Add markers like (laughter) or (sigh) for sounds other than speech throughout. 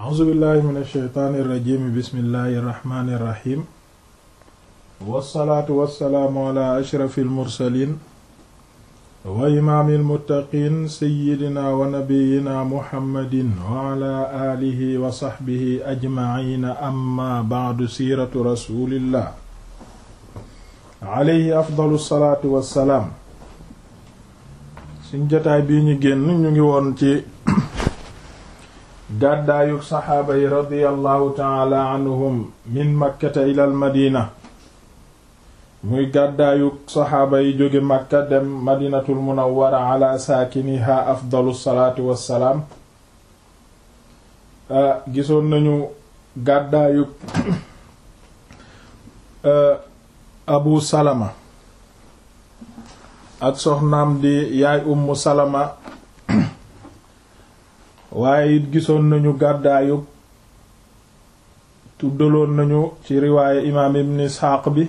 a'uuzu billahi min ashaytaani irrajim bismillahi irrahmani irrahim wassalaatu wassalaamu ala ashrafi almursalin wa imaami almuttaqiin seyidina wa nabiyina muhammadin wa ala aalihi wa saxbihi ajmaciina amma bacdu siiratu rasulillah alayhi afdalu salaatu wassalaam suñ jotaay bii ñu génn ñu ngi woon ci gàddaayug saxaaba yi radiyallahu taala anhum min makkata ilal madina muy gàddaayug saxaaba yi makka dem madinatul munawwara ala saakiniha afdalu salaatu salaam ah, gisoon nañu gàddaayug ah, abu salama ak soxnaam di yaay ummu salama waaye it gisoon nañu gàddaayub tuddaloon nañu ci riwaaye imaam ibn isxaaq bi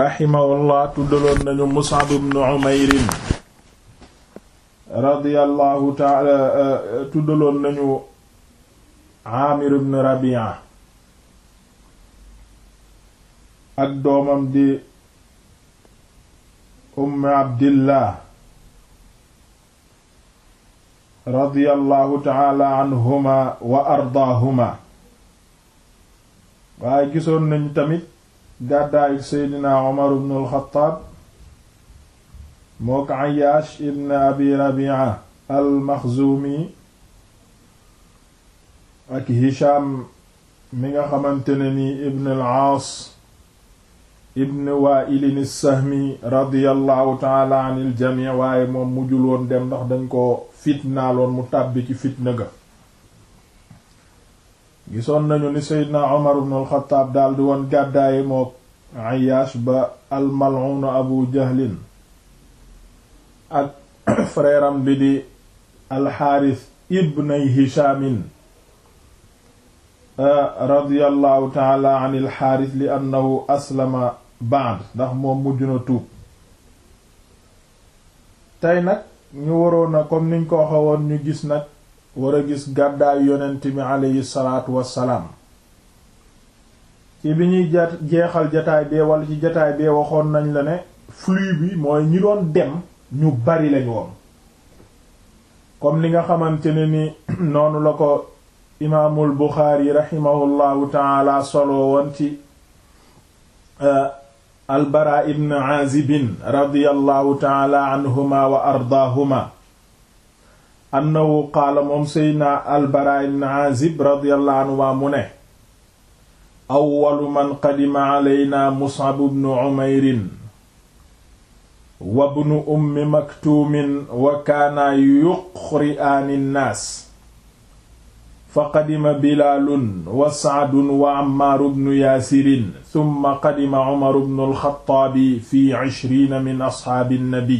raximahullah tuddaloon nañu mus'ab ibn umayrin radiyallahu euh, nañu aamir ak doomam di ummi abdillah radiyallahu taala anhuma wa ardaahuma waaye gisoon nañ tamit gàddaayu seydina umar ibn al-Khattab moo ko Ayyaash ibn abi Rabi'a al-Makhzumi ak Hisham mi nga xamante ne ni ibn al-Aas ibn Waa'il as-Sahmi radiyallahu taala anil jamii waaye moom mujjul woon dem ndax dañ ko fitnaaloon mu tàbbi ci fitna ga gisoon nañu ni seydna Umar ibn al daldi woon gàddaayi mook Ayyash ba al-mal'un Abu Jahlin ak (coughs) frère bi di al-Harith ibnay Hishamin euh, radiyallahu ta'ala an al-Harith li annahu aslama ba'd ndax moom mujj na tuub tey nag ñu waroon na comme niñ ko waxe woon ñu gis nag war a gis gàddaayu yonent bi aleyhi salaatu wassalaam ci bi ñuy jeexal jataay bee wala ci jataay waxoon nañ la ne flux bi mooy ñi doon dem ñu bari lañ woon comme li nga xamante ne ni (clears throat) noonu la ko imaamul Buxaari rahimahullahu taala solo woon ci euh, albara ibn aazibin radiyallahu taala anhuma wa ardaahuma annahu qaala moom seydna albara ibn aazib radiyallahu anhuma mu ne awwalu man qadima aleyna mus'ab ibn umayrin wa ibn ummi maktuumin wa kaana yuqri'aani nnaas fa qadima bilaalun wa saadun wa ammaaru bnu yaasirin summa qadima umaru bnu alxataabi fi ishriina min asxaabi nnabi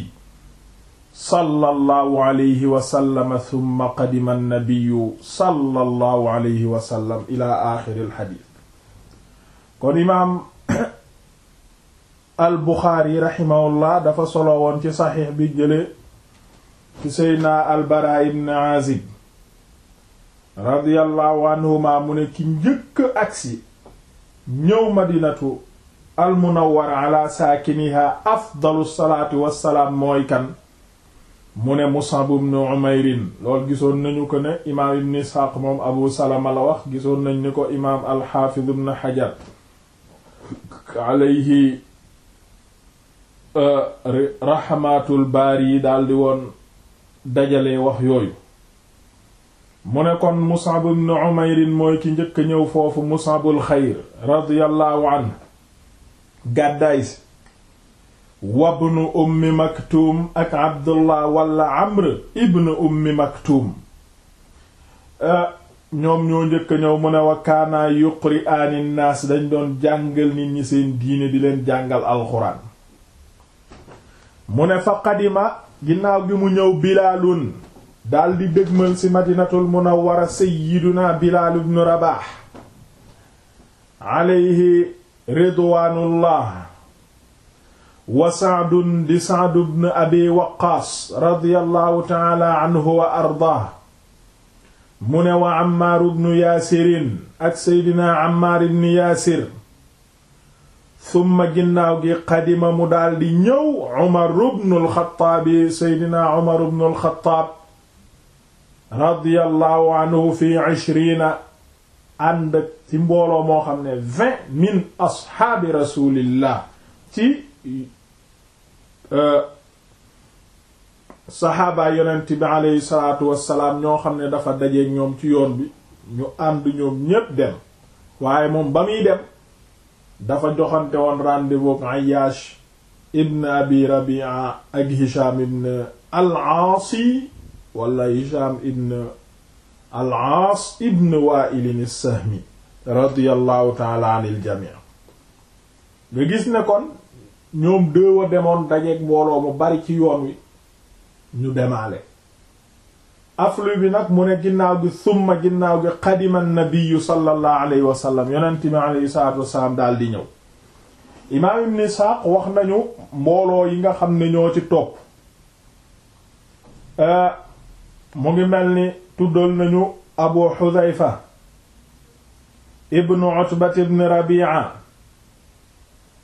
sallallahu alayhi wa sallam summa qadima nnabiyu sallallahu alayhi wa sallam ila aaxiril xadiis kon imaam (coughs) al buxaari raximahullah dafa solo woon ci saxiix bi jële ci seydna al baraa ibn aazib radiyallahu anhuma mu ne ki njëkk agsi ñëw madinatu almunawwara ala saakiniha afdalu salaatu wassalaam mooy kan mu ne Mus'ab ibn Umayrin lool gisoon nañu ko ne imaam ibn Isxaaq moom Abu Salama la wax gisoon nañ ni ko imaam al-Haafiz ibn Hajar alayhi euh, rahmatul yi daldi woon dajale wax yooyu mu ne kon Mus'ab ibn Umayr mooy ki njëkk a ñëw foofu Mus'abul xayr radiyallahu anhu gàddaay si wabnu ummi Maktuum ak Abdullah wala Amr ibn ummi Maktuum eh, ñoom ñoo njëkk a ñëw mu ne wa kaana yuqri aani naas dañ doon jàngal nit ñi seen diine di leen jàngal alxuraan mu ne fa qadima ginnaaw gi mu ñëw Bilaalun daal di dëgmal ci madinatul munawwara sayyiduna bilaal ibnu rabaah aleyhi ridwaanullah wa saadun di saad ibn abi waqaas radiyallahu taala anhu wa ardaah mu ne wa ammaar ibnu yaasirin ak seydina ammaar ibnu yaasir summa ginnaaw gi qadima mu daal di ñëw umar ibnu alxataabi seydina umar ibnu alxataab radiyallahu anhu fi ishrina ànd ci mbooloo moo xam ne vingt min asxaabi rasulillah ci e, saxaaba yonent bi aleyhi salaatu wassalaam ñoo xam ne dafa dajeek ñoom ci yoon bi ñu ànd ñoom ñépp dem waaye moom ba muy dem dafa joxante woon rendez-vous ak Ayyash ibn abi Rabi'a ak Hisham ibn al-Aasi wala Hisham ibn al-Aas ibn Wa'il as-Sahmi radiyallahu ta'ala anil jami' nga gis ne kon ñoom déewa demoon dajeeg mbooloo mu bari ci yoon wi ñu demaale aflu bi nag mu ne ginnaaw gi summa ginnaaw gi qadima an-nabiyyu sallallahu alayhi wa sallam yonent mi alayhi wasalaam daal di ñëw imaam ibn Isaaq wax nañu mbooloo yi nga xam ne ñoo ci topp euh, mu ngi mel ni tuddal nañu abu xudayfa ibnu utbat ibn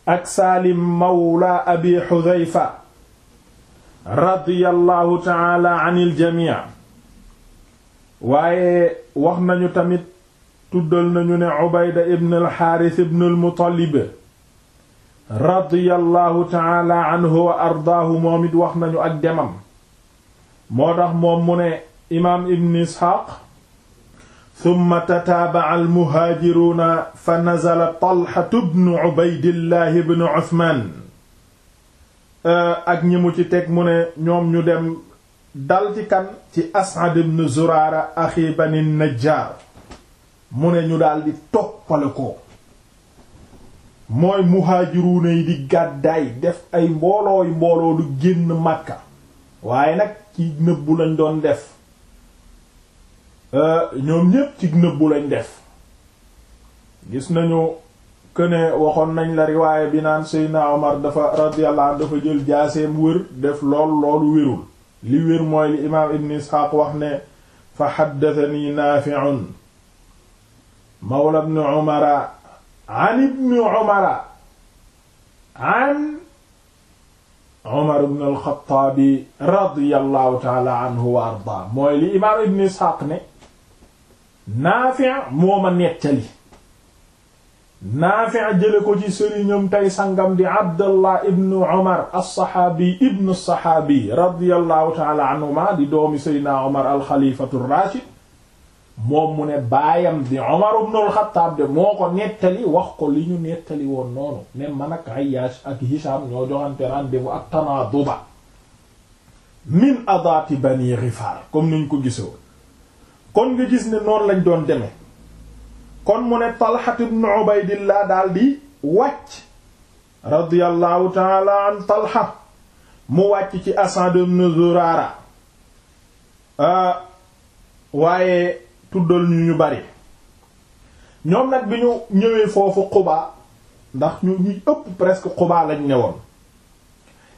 ak saalim mawla abi xudayfa radiyallahu taala anil jamii waaye wax nañu tamit tuddal nañu ne ubayda ibn alxaaris ibn almutalib radiyallahu taala anhu wa ardaahu moom wax nañu ak demam moo tax moom mu ne imaam ibn isxaaq summa tataaba'a almuhaajiruuna fa nazala talxatu bnu ubaydillahi bnu usmaan ak ñi mu ci teg mu ne ñoom ñu dem dal ci kan ci as'ad ibn zuraara axi bani najjaar mu ne ñu daldi toppale ko mooy muhaajiruuna yi di gàddaay def ay mboolooy mbooloo du génn màkka waaye nag ci nëbbu lañ doon def euh, ñoom ñépp ci nëbbu lañ def gis nañu këne waxoon nañ la riwaaye bi naan Seydina Omar dafa radiyallahu anhu dafa jël jaaseem wër def lool loolu wérul li wér mooy li imaam Ibn Isxaaq wax ne fa xaddatani naafi'un mawla ibn Umara an ibn Umara an Omar ibn al-Khattabi radiyallahu taala anhu wa arda mooy li imaam ibn Isxaaq ne Naafi' moo ma nettali Naafi' jële ko ci sëriñam tey sangam di Abdallah ibn Omar as-saxaabi ibn as-saxaabi radiyallahu taala anhuma di doomi Seydina Omar al-Xalifatu ar-Rashid moom mu ne baayam di Umar ibn al de moo ko nettali wax ko li ñu nettali woon noonu ne man ak Ayyash ak Hisham ñoo joxante rendez ak Tanaaduba min adaati Bani Ghifaar comme niñ ko gisoon kon nga gis ne noonu lañ doon demee kon mu ne Talha ibn Ubaydillah daal di wàcc radiyallahu taala an Talha mu wàcc ci Asad ibn Zurara ah, waaye tuddal ñu ñu bari ñoom nag bi ñu ñëwee foofu xubaa ndax ñu ñuy ëpp presque Quba lañ ne woon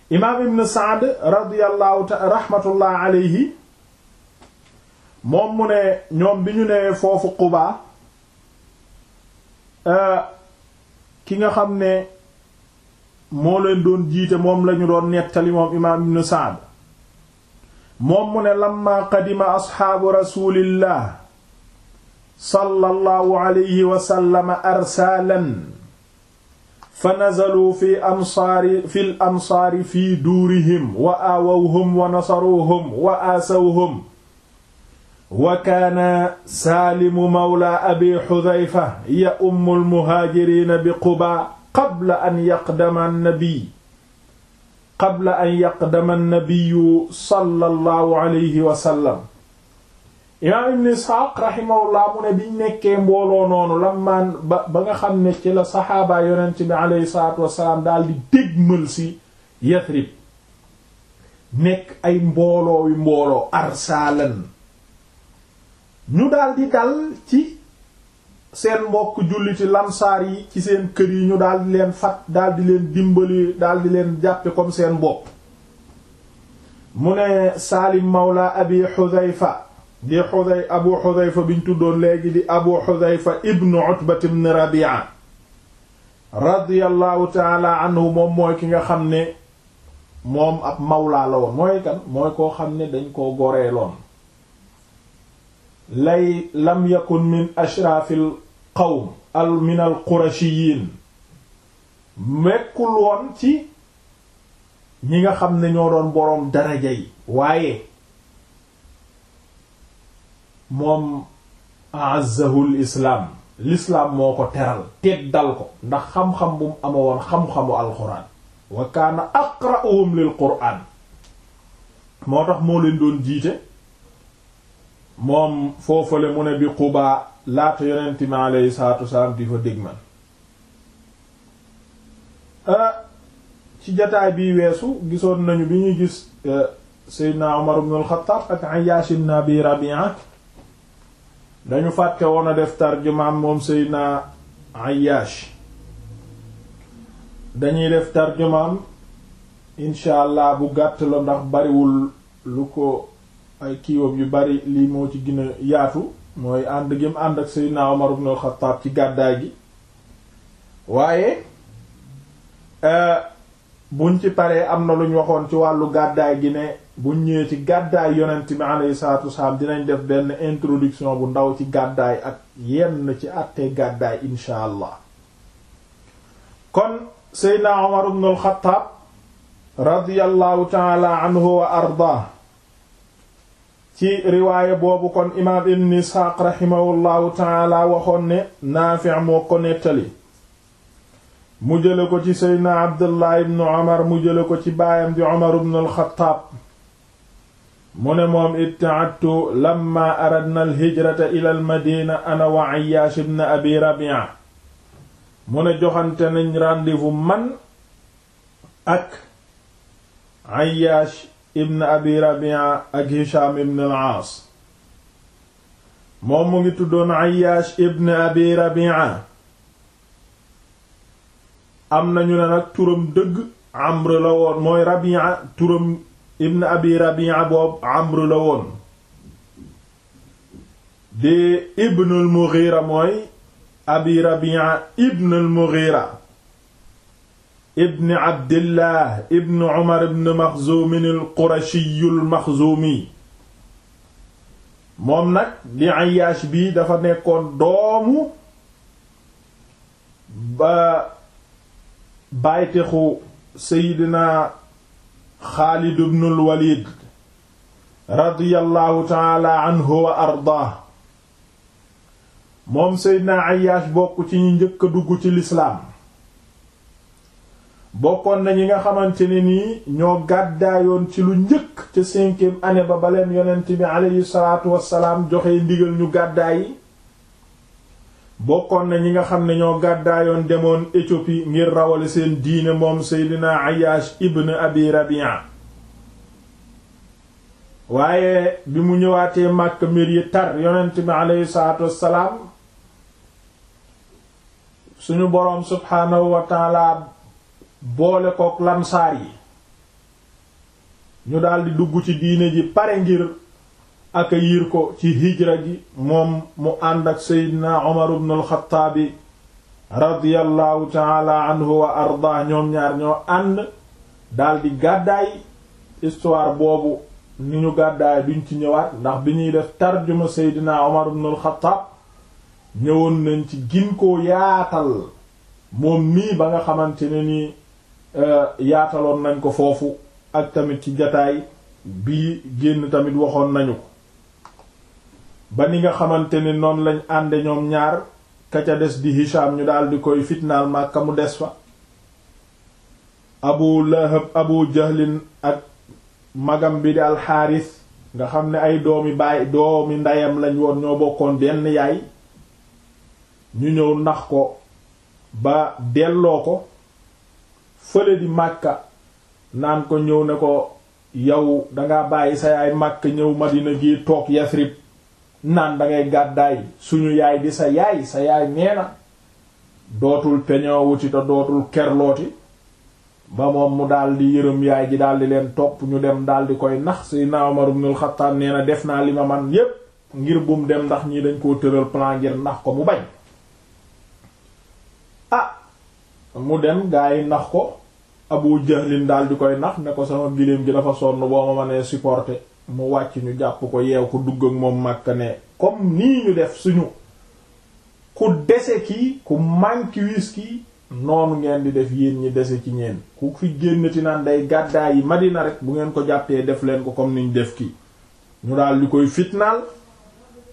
imaam ibn Saad radiyallahu ta rahmatullah alayhi moom mu ne ñoom bi ñu newee foofu xubaa euh, ki nga xam ne moo leen doon jiite moom lañu doon nettali moom imaam ibn Saad moom mu ne lamma qadima asxaabu rasulillah sallallahu alayhi wa sallam arsaalan fa nazalu fi amsaari fi l amsaari fi duurihim wa aawawhum wa nasaruuhum wa aasawhum wa kaana saalimu mawla abi xudayfa ya ummu almuhaajiriina bi qubaa qabla an yaqdama annabiy qabla an yaqdama annabiyu sallallahu alayhi wa sallam imaam ibn isxaaq rahimahullah mu ne biñ nekkee mbooloo noonu lamaan ba ba nga xam ne ci la saxaabaa yonent bi aleyhi salaatu wassalaam daldi di dégmal si yathrib nekk ay mbooloo wi mbooloo arsaalan ñu daldi di dal ci seen mbokk julliti lamsaar yi ci seen kër yi ñu daal leen fat daal leen dimbali daal di leen jàppe kom seen bopp mu ne saalim mawla abi xudayfa di abu xudayfa biñ tuddoon léegi di abu xudayfa ibnu utbat ibn rabia radiyallahu taala anhu moom mooy ki nga xam ne moom ab mawlaa la woon mooy kan mooy koo xam ne dañ koo goreeloon lay lam yakun min ashraafil qawm al min al qurashiyin mekkul woon ci ñi nga xam ne ñoo doon boroom daraja yi waaye moom azzahul islaam l'islaam moo ko teral teet dal ko ndax xam-xam bu mu amoon xam-xamu alquran wa kaana aqra'uhum lil qur'an moo tax moo leen doon jiite moom foofale mu ne bi Quba laata yonent mi aleyhi salaatu wasalaam di fa dég ah, ci jataay bii weesu gisoon nañu bi ñuy gis eh, Seydina Umar ibn al-Khattab ak Ayyash ibn Abi Rabi'a dañu fàtte woon a def tarjumaam moom Seydina Ayyash dañuy def tarjumaam incha allah bu gàtt la ndax bariwul lu ko ay kiiwam yu bari lii moo ci gën yaatu mooy ànd gi mu ànd ak Seydina Omar ibn al-Khattab ci gàddaay gi waaye eh, buñ ci paree am na luñ waxoon ci wàllu gàddaay gi ne bu ñëwee ci gàddaay yonent bi alayhi salaatu wasalaam dinañ def benn introduction bu ndaw ci gàddaay ak yenn ci àttee gàddaay insha allah kon seydna Umar ibn al radiyallahu taala ardaa ci riwaaya boobu kon imaam ibn Isxaaq rahimahullahu taala waxoon ne Naafi' moo ko nettali mu jële ko ci seydna Abdullah ibn Umar mu jële ko ci baayam di Umar ibn al mu ne moom ibtaattu lamma aradna alhijrata ila almadina ana wa Ayyash ibn abi Rabi'a mu ne joxante nañ rendez man ak Ayyash ibn abi Rabi'a ak Hisham ibn al-Aas moom mu ngi tuddoon Ayyash ibn abi Rabi'a am nañu ne nag turam dëgg Amr la woon mooy Rabi'a turam ibn abi rabi'a boobu amru la woon di ibnul mughira mooy abi rabi'a ibnul mughira ibn abdillah ibn umar ibn maxzuumin al qurashiyul moom nag di ayaash bi dafa nekkoon doomu ba baytexu seydina Xaalid ibnul Walid radiyallahu taala moom Seydina Ayyash bokk ci ñu njëkk a dugg ci lislaam bokkoon na ñi nga xamante ni nii ñoo gàddaayoon ci lu njëkk ca cinquième année ba baleen yonent bi aleyhi salaatu wassalaam joxe ndigal ñu gàddaay bokkoon na ñi nga xam ne ñoo gàddaayoon demoon Éthiopie ngir rawale seen diine moom Seydina Ayyash ibn Abi Rabi'a waaye bi mu ñëwaatee Makka mbir yi tar yonent bi aleyhi salaatu wassalaam suñu boroom subhaanahu wa taala boole kook lansaar yi ñu daldi dugg ci diine ji pare ngir yiir ko ci hijra gi moom mu ànd ak seydina Umar ibn al-Khattab radiyallahu taala anhu wa ñoom ñaar ñoo ànd daldi gàddaay histoire boobu ni ñu gàddaay duñ ci ñëwaat ndax bi ñuy def tarjuma seydina Umar ibn al ñëwoon nañ ci gin koo yaatal moom mii ba nga xamante ne ni euh, yaataloon nañ ko foofu ak tamit ci jataay bi génn tamit waxoon nañu ko ba ni nga xamante ni noonu lañ ànde ñoom ñaar ka ca des di Hisham ñu daal di koy fitnaal Makka mu des fa Abu Lahab Abu Jahlin ak magam bi di alxaaris nga xam ne ay doomi baay doomi ndeyam lañ woon ñoo bokkoon benn yaay ñu ñëw nax ko ba delloo ko fële di Makka naan ko ñëw ne ko yow danga bàyyi sa yaay Makka ñëw Madina gi toog Yasrib naan da gàddaay suñu yaay di sa yaay sa yaay nee na dootul peñoowuti te dootul kerlooti ba moom mu daldi yërëm yaay ji daal leen topp ñu dem daal di koy nax Seydina Umar ibn al nee na def naa li ma man yépp ngir bum dem ndax ñi dañ koo tëral plan ngir nax ko mu bañ ah mu dem gaa yi nax ko Abu Jahlin daal di koy nax ne ko sama giléem gi dafa sonn boo ma mënee supporter mu wàcc ñu jàpp ko yeew ko dugg ak moom Makka ne comme nii ñu def suñu ku dese kii ku manque wis kii noonu ngeen di def yéen ñi dese ci ñeen ku fi génnati naan day gàddaay yi Madina rek bu ngeen ko jàppee def leen ko ni niñ def kii ñu daal di koy fitnaal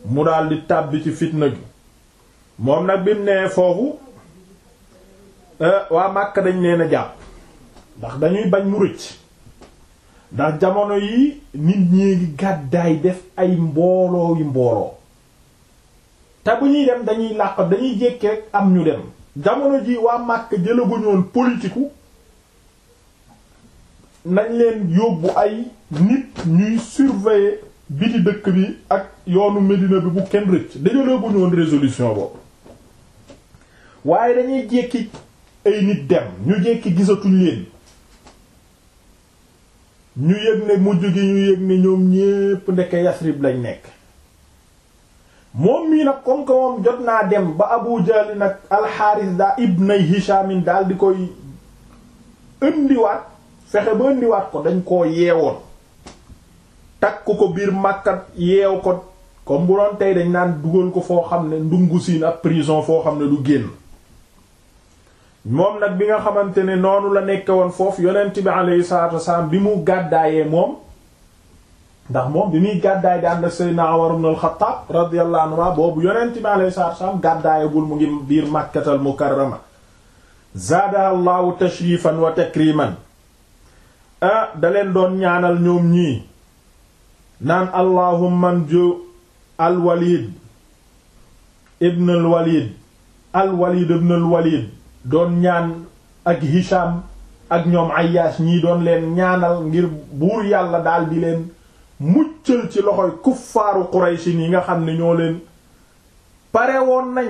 mu daal di tàbbi ci fitna gi moom nag bi mu foofu euh, waa Makka dañ leen a jàpp ndax dañuy bañ mu rëcc ndax jamono yi nit ñi ngi gàddaay def ay mbooloo yu mbooloo te bu ñuy dem dañuy làq dañuy jékke am ñu dem jamono ji waa Màkk jëlaguñoon politiku nañ leen yóbbu ay nit ñuy surveiller biti dëkk bi ak yoonu Medina bi bu kenn rëcc dajaleeguñoon résolution boobu waaye dañuy jékki ay nit dem ñu jékki gisatuñ leen ñu yëg ne mujj gi ñu yëg ne ñoom ñépp ndeke Yasrib lañ nekk moom mii nag comme jot naa dem ba Abu Jahl nag alxaaris daa ibnay Hishamin daal di koy indiwaat fexe ba indiwaat ko dañ koo yeewoon takk ko biir Makka yeew ko comme bu doon tey dañ naan dugal ko foo xam ne ndungu siin ab prison foo xam ne du génn moom nag bi nga xamante ne noonu la nekke woon foofu yonent bi alayhi salaatu wasalaam bi mu gàddaayee moom ndax moom bi muy gàddaay di ànd ak Seydina Umar ibn al-Khattab radiyallahu anhu boobu yonent bi alayhi mu ngi biir Makkatal Mukarrama zaada allahu tashrifan wa takriman ah da doon ñaanal ñoom ñii naan allahumma nju al walid ibn al walid al walid doon ñaan ak Hisham ak ñoom Ayyash ñii doon leen ñaanal ngir buur yàlla daal di leen muccal ci loxoy kuffaaru Quraysh yi nga xam ne ñoo leen pare woon nañ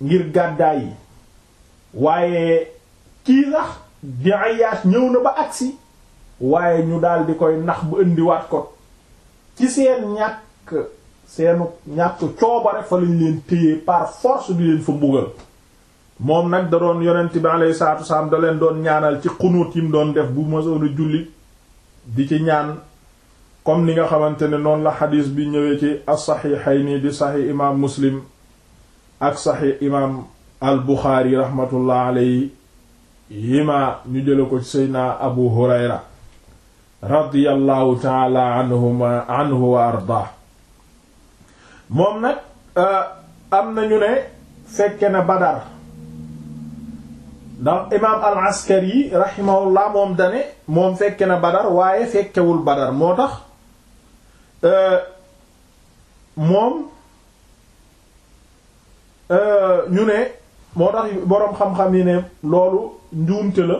ngir gàddaay yi waaye kii sax di Ayyash ñëw na ba agsi waaye ñu daldi koy nax bu indiwaat ko ci seen ñàkk seenu ñàkk coobare fa lañ leen téye par force di leen fa mbugal moom nag da doon yonent bi alayhi salaatu wasalaam da leen doon ñaanal ci xunuut yi doon def bu masoon a julli di ci ñaan comme ni nga xamante ne noon la xadiis bi ñëwee ci as-saxiixayni di saxiix imaam muslim ak saxiix imaam al buxaari raxmatullah alayhi yima ñu jële ko ci seydna abu hurayra radiyallahu taala anhuma anhu moom nag euh, am nañu ne fekke na badar ndax imaam al askari rahimahullah moom dane moom fekke na badar waaye fekkewul badar moo tax euh, moom euh, ñu ne moo tax boroom xam-xam yi ne loolu njuumte la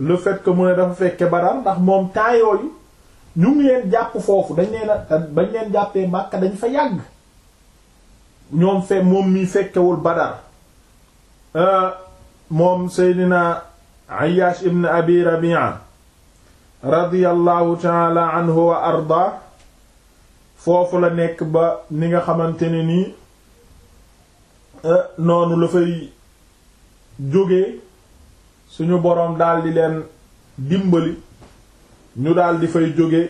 le fekk que mu ne dafa fekke badar ndax moom temps yi ñu ngi leen jàpp foofu dañ leen a bañ leen jàppee Makka dañ fa yàgg ñoom fe moom mi fekkewul badar euh, moom seydina Ayyash ibn Abi Rabi'a radiyallahu taala anhu wa arda foofu la nekk ba ni nga xamante ne nii eh, noonu la fay jóge suñu boroom daldi leen dimbali ñu daldi fay jóge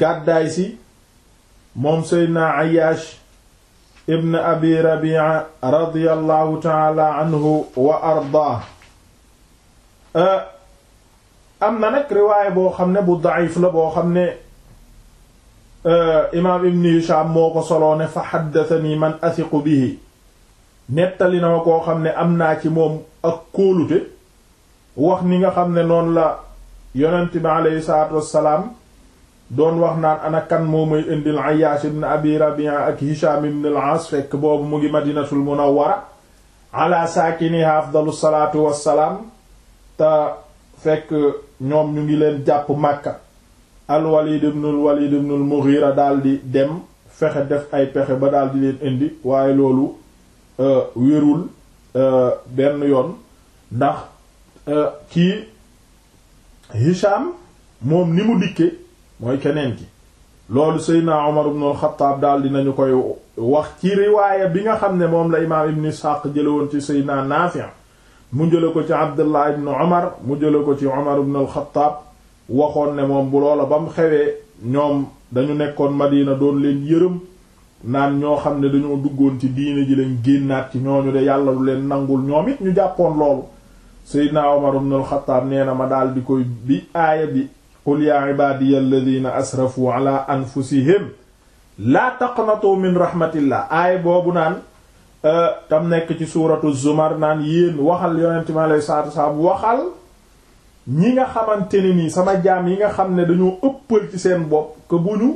gàddaay si moom seydina Ayyash ibn abi rabi'a radiyallahu taala anhu wa ardaa am na nag riwaay boo xam ne bu da'if la boo xam ne imaam ibn Hisham moo ko soloo ne fa xaddatani man asiqu bihi xam ne am naa ci moom ak kóolute wax ni nga xam ne noonu la yonent bi aleyhi wassalaam doon wax naan ana kan moo may indil Ayyash ibn ak Hisham ibn al fekk boobu mu ngi Madinatul Munawwara ala saakiniha afdalu salaatu wassalaam te fekk ñoom ñu ngi leen jàpp Makka al-Walid ibn al-Walid ibn al-Mughira di dem fexe def ay pexe ba daal di leen indi waaye loolu euh, wérul euh, benn yoon ndax euh, kii Hisham moom ni mu dikke mooy keneen ki loolu Seydina Omar ibn al-Khattab daal dinañu koy wax ci riwaaya bi nga xam ne moom la imaam ibn Ishaq jële woon ci Seydina Naafi' mu jële ko ci Abdullah ibn Omar mu jële ko ci Omar ibn al waxoon ne moom bu loola ba mu xewee ñoom dañu nekkoon Madina doon leen yërëm naan ñoo xam ne dañoo duggoon ci diine ji leen génnaat ci ñooñu de yàlla lu leen nangul ñoom it ñu jàppoon loolu Seydina Omar ibn al-Khattab nee na ma daal di koy bi aaya bi qul yaa ibadiya alladina asrafu ala anfusihim laa taqnatu min rahmatillah aay boobu naan euh, tam nekk ci suuratu zumar naan yéen waxal yonente mi alei salatu wasalaam waxal ñi nga xamante ni nii sama jaam yi nga xam ne dañoo ëppal ci seen bopp que bu ñu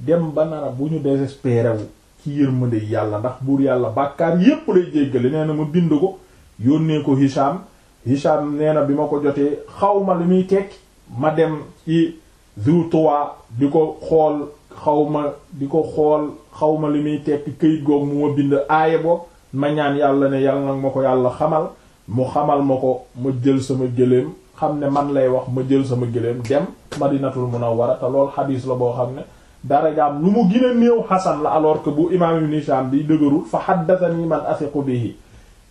dem ba nara bu ñu désespéré wu ci yërmande yàlla ndax buur yàlla bàkkaar yépp lay jéggale nee na bind ko yónnee ko Hisham Hisham nee bi ma ko jotee xawma li muy tekki ma dem ci Zu Tuwa di ko xool xaw ma di ko xool xawma ma li muy tekki këyit googu mu ma bind aaya bo ma ñaan yàlla ne yàlla nag ma ko yàlla xamal mu xamal ma ko ma jël sama gëléem xam ne man lay wax ma jël sama gëléem dem Madinatul Munawwara te lool xadiis la boo xam ne darajaam lu mu gën a néew xasan la alors que bu imaam Ibn Hishaam bi dëgërul fa haddathani man athiqu bihi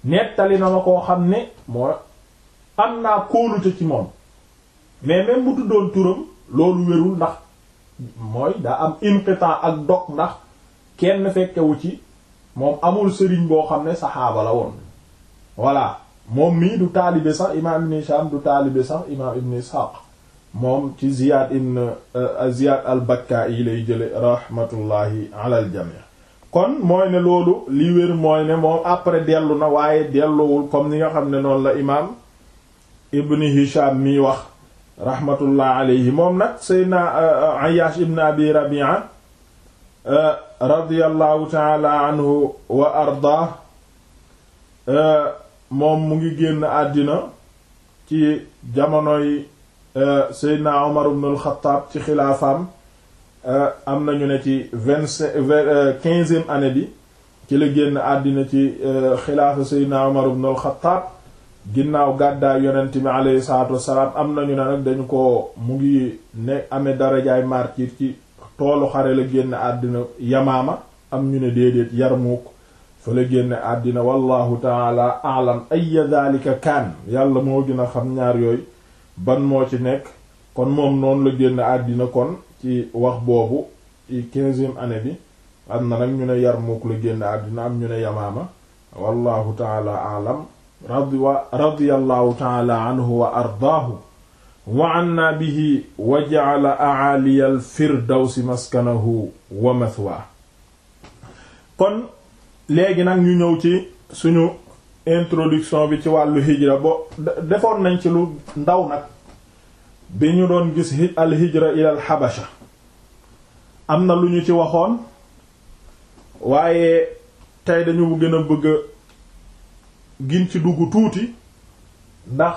nettali na ma koo xam ne moo am naa kóolute ci moom mais même bu tuddoon turam loolu wérul ndax mooy daa am inqitan ak dog ndax kenn fekkewu ci moom amul sëriñ boo xam ne saxaaba la woon voilà moom mii du taalibe sax imaam ibn Hisham du taalibe sax imaam ibn Ishaq moom ci Ziyad ibn euh, Ziyad al-Bakka'i lay jële rahmatullahi ala al kon mooy ne loolu li wér mooy ne moom après dellu na waaye delloowul comme ni nga xam ne noonu la imaam ibn Hisham mii wax rahmatullah alayhi moom nag seydna euh, Ayyash ibn abi Rabi'a euh, radiyallahu taala anhu wa arda euh, moom mu ngi génn àddina ci jamonoy seydna Umar ibn al-Khattab ci xilaafaam am nañu ne ci vingt-cinq quinzième année bi ci la génn àddina ci xilaafa seydna Umar ibn al-Khattab ginnaaw gàddaay yonent bi aleyhi salaatu wassalaam am nañu ne nag dañ ko mu ngi ne amee darajaay martyr ci toolu xare la génn àddina yamaama am ñu ne déedéet yarmuuk fa la génn àddina wallahu taala alam ay daalika kaan yàlla moo gën a xam ñaar yooyu ban moo ci nekk kon moom noonu la génn àddina kon ci wax boobu ci quinzième année bi am na nag ñu ne yarmuuk la génn àddina am ñu ne yamaama wallahu taala alam radiyallahu taala anhu wa ardaahu wa anna bihi wa ja'ala a'aliya firdawsi maskanahu wa mathwaa kon léegi nag ñu ñëw ci suñu introduction bi ci wàllu hijra bo defoon nañ ci lu ndaw nag bi ñu doon gis al hijra ila xabasha am na lu ñu ci waxoon waaye tey dañu gën bëgg gin ci dugg tuuti ndax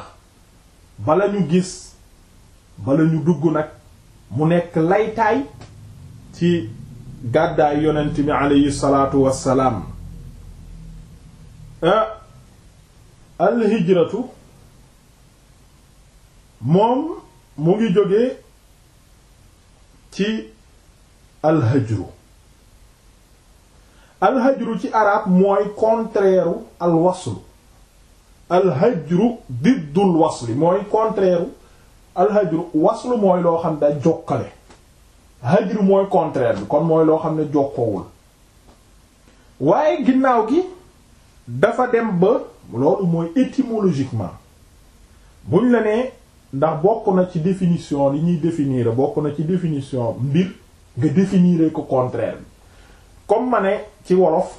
bala ñu gis bala ñu dugg nag mu nekk laytaay ci gàddaay yonent bi aleyhi salaatu wassalaam eh, alhijratu moom mu ngi jóge ci alhajru alhajru ci arab mooy contraire alwaslu alhajru diddul wasli mooy contraire alhajru waslu mooy loo xam da jokkale hajru mooy contraire bi kon mooy loo xam ne jokkoowul waaye ginnaaw gi dafa dem ba loolu mooy étymologiquement buñ la nee ndax bokk na ci définition li ñuy définir bokk na ci définition mbir nga définir ko contraire bi comme ma ne ci wolof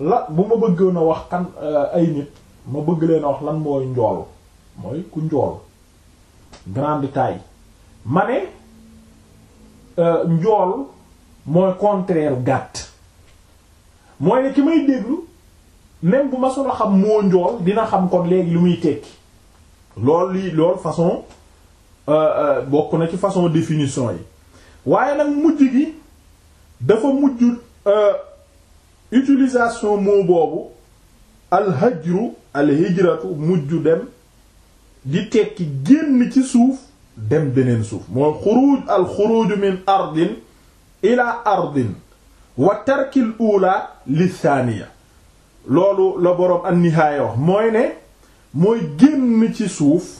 la bu ma bëggoon a wax kan euh, ay nit ma bëgg leen wax lan mooy njool mooy ku njool grande taille ma ne euh, njool mooy contraire gàtt mooy ne ki may déglu même bu ma solo xam moo njool dina xam ko léegi lu muy tekki lool lii lool façon euh, euh, bokk na ci façon définition yi waaye nag mujj gi dafa mujj utilisation mot boobu alhajru alhijratu mujj dem di tekki génn ci suuf dem beneen suuf mooy xuruj alxuruju min ardin ila ardin wa tarkil ula li thaniya loolu la boroom annihaaya wax mooy ne mooy génn ci suuf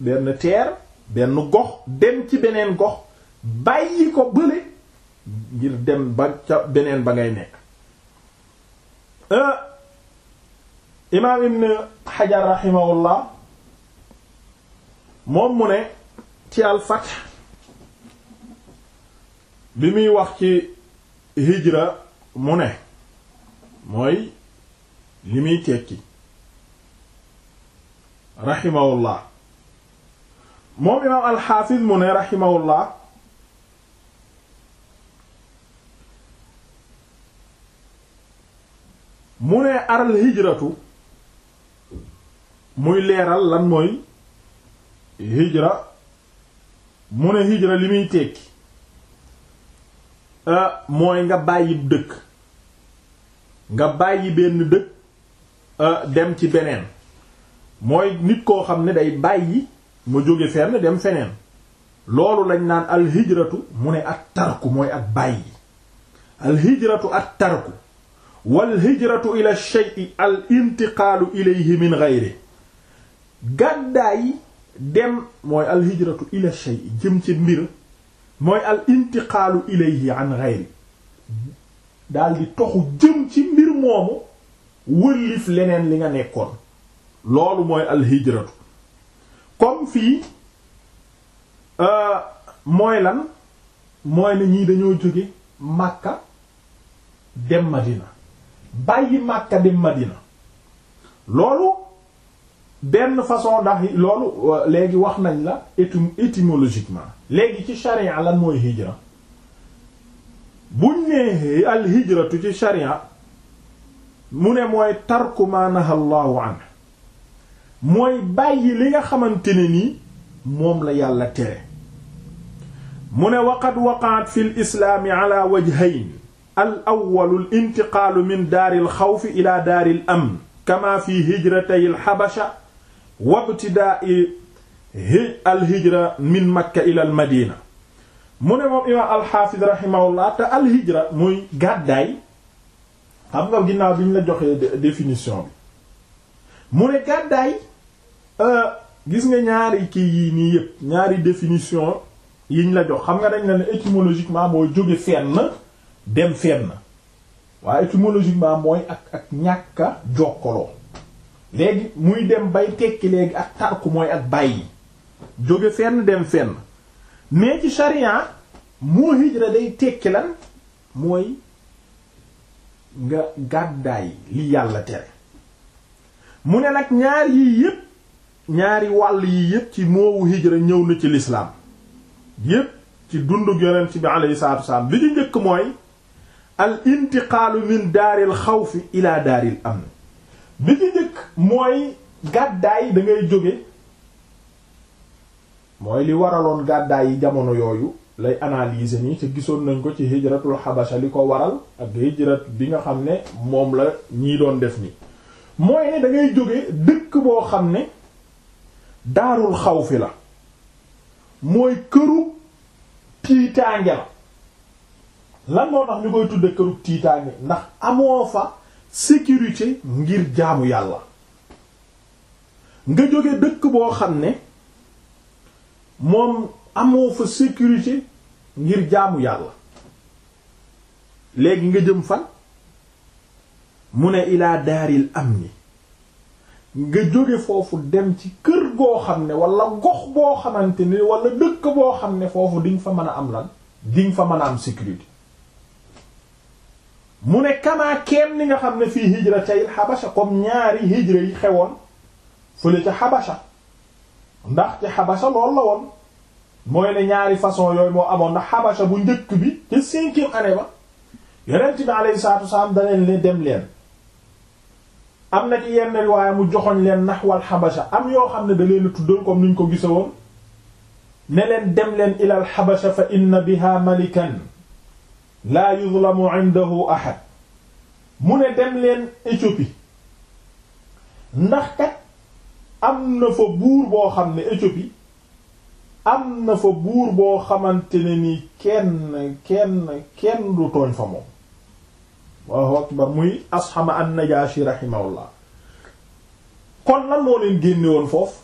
benn teer benn gox dem ci beneen gox bàyyi ko bële ngir dem ba ca beneen ba ngay nekk euh, imaam ibn xajar raximahullah moom mu ne ci alfath bi muy wax ci hijra mu ne mooy li muy tekki raximahullah moom imaam alxaafiz mu ne raximahullah mu ne aral hijratu muy leeral lan mooy hijra mu ne hijra li muy tekki euh, mooy nga bàyyi dëkk nga bàyyi benn dëkk euh, dem ci beneen mooy nit koo xam ne day bàyyi mu jóge fenn dem feneen loolu lañ naan alhijratu mu ne ak tarku mooy ak bàyyi alhijratu ak tarku wal hijratu ila shay'i al intiqaalu ilayhi min ghayri gàddaay dem mooy alhijratu ila shay jëm ci mbir mooy al intiqaalu ilayhi an ghayri daal toxu jëm ci mbir moomu wëllif leneen li nga nekkoon loolu mooy alhijratu comme fii euh, mooy lan mooy ne ñii dañoo jóge Makka dem Madina bàyyi Makka dem Madina loolu benn façon ndax loolu euh, léegi wax nañ la étym léegi ci sharia la mooy hijra buñ nee al hijratu ci sharia mu ne mooy tarku ma naha Allahu mooy bàyyi li nga xamante ne nii moom la yàlla tere mu ne waqad waqaat fi l islaami ala wajhayn al awwalu l intiqaalu min daari l xawfi ila daari l amn kama fi hijratay l xabasha wabtidaai alhijra min makka ila madina mu ne moom imaam alxaafis rahimahullah te alhijra muy gàddaay xam nga ginnaaw bi ñu la joxee définition bi mu ne gàddaay euh, gis nga ñaari kii yii nii yépp ñaari définition yiñ la jox xam nga dañ la ne étymologiquement mooy jóge fenn dem fenn waaye étymologiquement mooy ak ak ñàkka léegi muy dem bay tekki léegi ak tarku mooy ak bàyyi jóge fenn dem fenn mais ci sharia moo hijra day tekki lan mooy nga gàddaay li yàlla tere mu ne nag ñaar yii yépp ñaari wàll yii yépp ci moowu hijra ñëw na ci lislaam yépp ci dundu yonent bi alayhi salaatu bi li ñu njëkk mooy al intiqaalu min daaril xawfi ila daaril am bi ci njëkk mooy gàddaay da ngay jóge mooy li waraloon gàddaay yi jamono yooyu lay analyser nii te gisoon nañ ko ci hijratul xabasha li ko waral ak hijrat bi nga xam ne moom la ñi doon def nii mooy ne da jóge dëkk boo xam ne daarul fi la mooy këru tiitaange la lan moo tax ñu koy tudde këru tiitaange ndax amoo fa sécurité ngir jaamu yàlla nga jóge dëkk boo xam ne moom amoo fa sécurité ngir jaamu yàlla léegi nga jëm fan mu ne ilaa daaril am ni nga jóge foofu dem ci kër goo xam ne wala gox boo xamante ni walla dëkk boo xam ne foofu dinga fa mën a am lan dinga fa mën a am sécurité mu ne kamaa keem ni nga xam ne fii hijra ca xabasha comme ñaari hijra yi xewoon fële ca xabasha ndax ci xabasha loolu la woon mooy ne ñaari façon yooyu moo amoon ndax xabasha bu njëkk bi ca cinquième année ba yonent bi alayhi salaatu wasalaam leen dem leen am na ci yenn riwaaya mu joxoñ leen naxwal xabasha am yoo xam ne da leen tuddal comme niñ ko gisa woon ne leen dem leen ilal xabasha fa inna biha malikan laa yuzlamu indahu ahad mu ne dem leen Éthiopie ndax kat am na fa buur boo xam ne Éthiopie am na fa buur boo xamante ne ni kenn kenn kenn du tooñ fa moom Allahu akbar muy asxama an najaashi rahimahullah kon lan moo leen génne woon foofu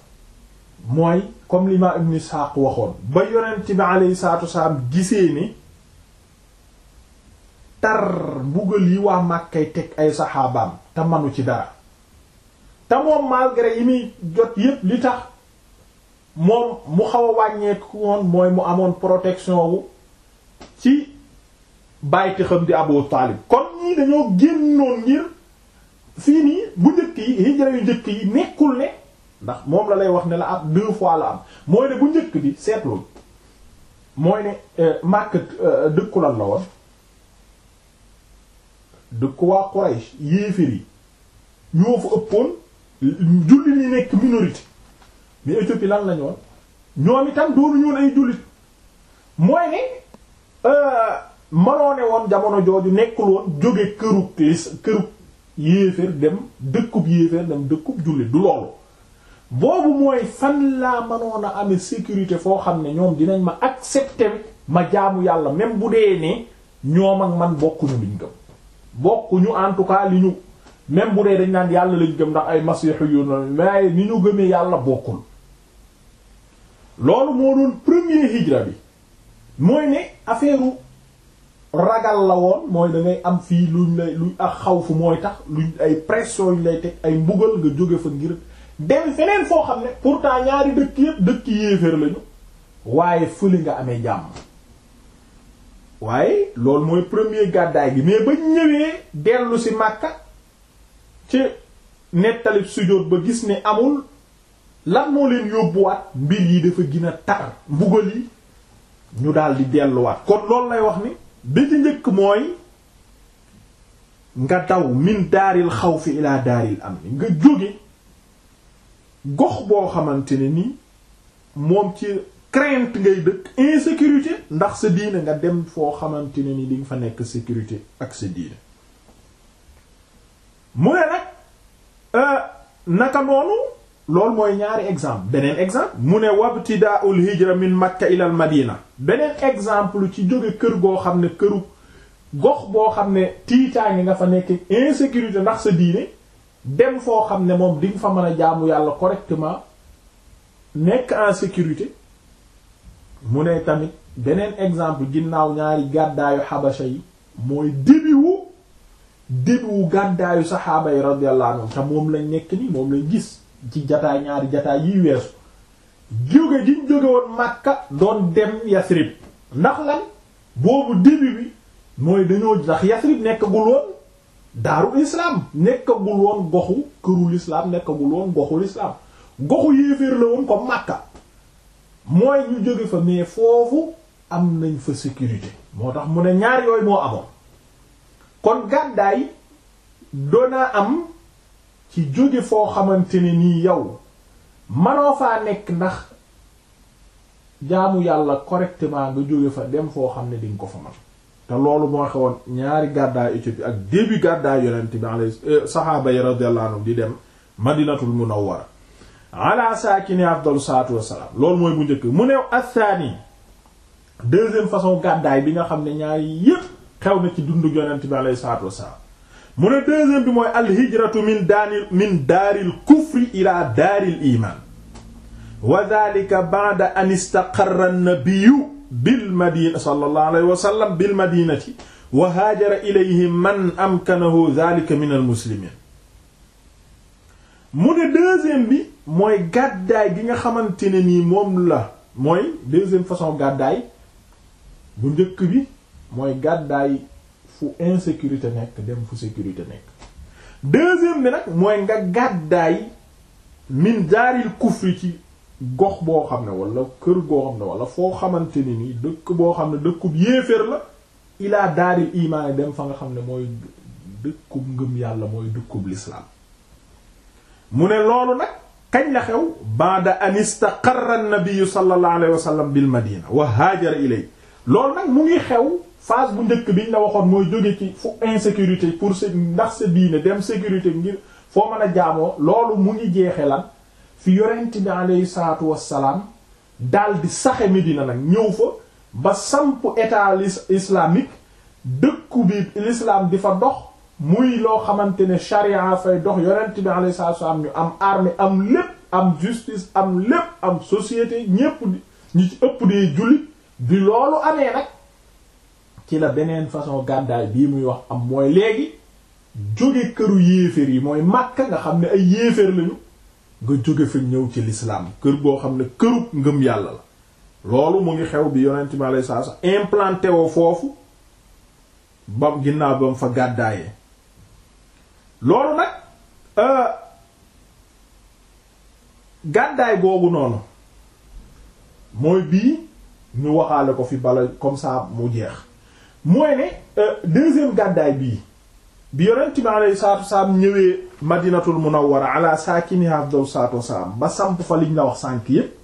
mooy comme l'imam ibn Isaaq waxoon ba yonent bi aleyhi salatu wasalaam gisee ni tar mbugal yi waa màkkay teg ay saxaabaam te manu ci dara te moom malgré yi muy jot yépp li tax moom mu xaw a wàññeeku woon mooy mu amoon protection wu ci bàyyiti xam di Abu Taalib kon ñii dañoo génnoon ngir fii nii bu njëkk yi hijra yu njëkk yi nekkul ne ndax moom la lay wax ne la ab deux fois la am mooy ne bu njëkk bi seetlul mooy ne euh, màkk euh, dëkkulan la woon dëkk waa Quraysh yéeféer yi ñoo fa ëppoon jullit ñi nekk minorité mais Éthiopie lan la ñoom itam doonu ñoon ay jullit mooy ne euh, manoo woon jamono jooju nekkul woon jóge kërug kërug yéeféer dem dëkku yéeféer dem dëkku jullit du loolu boobu mooy fan laa mënoon a amee sécurité foo xam ne ñoom dinañ ma accepter ma jaamu yàlla même bu dee ne ñoom man bokkuñu liñ gëm bokkuñu en tout cas li ñu même bu dee dañ naan yàlla lañ gëm ndax ay masiixu yu waaye ni ñu gëmee yàlla bokkul loolu moo doon premier hijra bi mooy ne affaire ragal la woon mooy da ngay am fii luñ lay luñ ak xaw fu mooy tax luñ ay pression yuñ lay teg ay mbugal nga jóge fa ngir dem feneen foo xam ne pourtant ñaari dëkk yépp dëkk yéeféer lañu waaye fële nga amee jàmm waaye loolu mooy premier gàddaay gi mais ba ñëwee dellu si Makka ci nettali sujjóot ba gis ne amul lan moo leen yóbbuwaat mbir yi dafa gën a tar mbugal yi ñu daldi di delluwaat kon loolu lay wax ni bi njëkk mooy nga daw min daaril xawfi ilaa daaril amni nga jóge gox boo xamante ne ni moom ci crainte ngay dëkk insécurité ndax sa diine nga dem foo xamante ne ni di nga fa nekk sécurité ak sa diine mu ne nag euh, naka noonu loolu mooy ñaari exemple beneen exemple mu ne wabtidaa'ul hijra min makka ilal madina beneen exemple ci jóge kër goo xam ne këru gox boo xam ne tiitaange nga fa nekk insécurité ndax sa diine dem foo xam ne moom di nga fa mën a jaamu yàlla correctement nekk en sécurité mu ne tamit beneen exemple ginnaaw ñaari gàddaayu xabasha yi mooy débiwu débiwu gàddaayu saxaaba yi radiyallahu anhum te moom lañ nekk ni moom lañ gis ci jataay ñaari jataay yi weesu jóge gi ñu jóge woon Makka doon dem Yasrib ndax lan boobu début bi mooy dañoo ndax Yasrib nekkagul woon daaru islam nekkagul woon goxu këru l'islam nekkagul woon goxu l'islam goxu yéeféer la woon comme Makka mooy ñu jóge fa mais foofu am nañ fa sécurité moo tax mu ne ñaar yooyu moo amoon kon gàddaay doona am ci jóge foo xamante ni nii yow manoo faa nekk ndax jaamu yàlla correctement nga jóge fa dem foo xam ne di ko fa man te loolu moo xewoon ñaari gàddaay Éthiopie ak début gàddaay yonent bi alayhi euh, saxaaba yi radiyallahu anhum di dem madinatul munawwara ala saakini afdalu salaatu wassalaam loolu mooy bu njëkk mu new athaani deuxième façon gàddaay bi nga xam ne ñaari yépp xew na ci dundu yonent bi alayhi salaatu wassalaam mu ne deuxième bi mooy alhijratu min daanil min daaril kufri ila daaril iman wa dalika ba'da an istaqarra an-nabiyyu bil madina sallallahu alayhi wa sallam bil madinati wa haajara ilayhi man amkanahu dalika min al muslimin mu ne deuxième bi mooy gàddaay gi nga xamante ne nii moom la mooy deuxième façon gàddaay bu njëkk bi mooy gàddaay fu insécurité nekk dem fu sécurité nekk deuxième bi nag mooy nga gàddaay min jaaril kufri ci gox boo xam ne wala kër goo xam ne wala foo xamante ne nii dëkk boo xam ne dëkkub yéeféer la ilaa daaril imaan dem fa nga xam ne mooy dëkkub ngëm yàlla mooy dëkkub l'islam mu ne loolu nag kañ la xew baada an istaqarra an-nabi sallallahu alayhi wa sallam bil madina wa haajara ilay loolu nag mu ngi xew phase bu njëkk biñ la waxoon mooy jóge ci fu insécurité pour sa ndax sa diine dem sécurité ngir foo mën a jaamoo loolu mu ngi jeexe lan fi yonent bi alayhi salaatu wassalaam daal di saxe Medina nag ñëw fa ba samp état islamique dëkku bi l'islam di fa dox muy loo xamante ne charia fay dox yonent bi alayhi salaatu ñu am armée am lépp am justice am lépp am société ñépp ñi ci ëpp dee jullit bi loolu amee nag ci la beneen façon gàddaay bii muy wax am mooy léegi jóge këru yéeféer yi mooy Makka nga xam ne ay yéeféer lañu nga jóge fa ñëw ci lislaam kër boo xam ne këru ngëm yàlla la loolu mu ngi xew bi yonent bi alayhi salaatu wa woo foofu bam ginnaaw bam fa gàddaayee loolu nag euh, gàddaay googu noonu mooy bii ñu waxaale ko fi bala comme ça mu jeex mooy ne euh, deuxième gàddaay bii bi yonent bi alayhi salaatu wasalaam ñëwee madinatul munawwara ala saakini afdalu salaatu wasalaam ba samp fa liñ la wax sànk yépp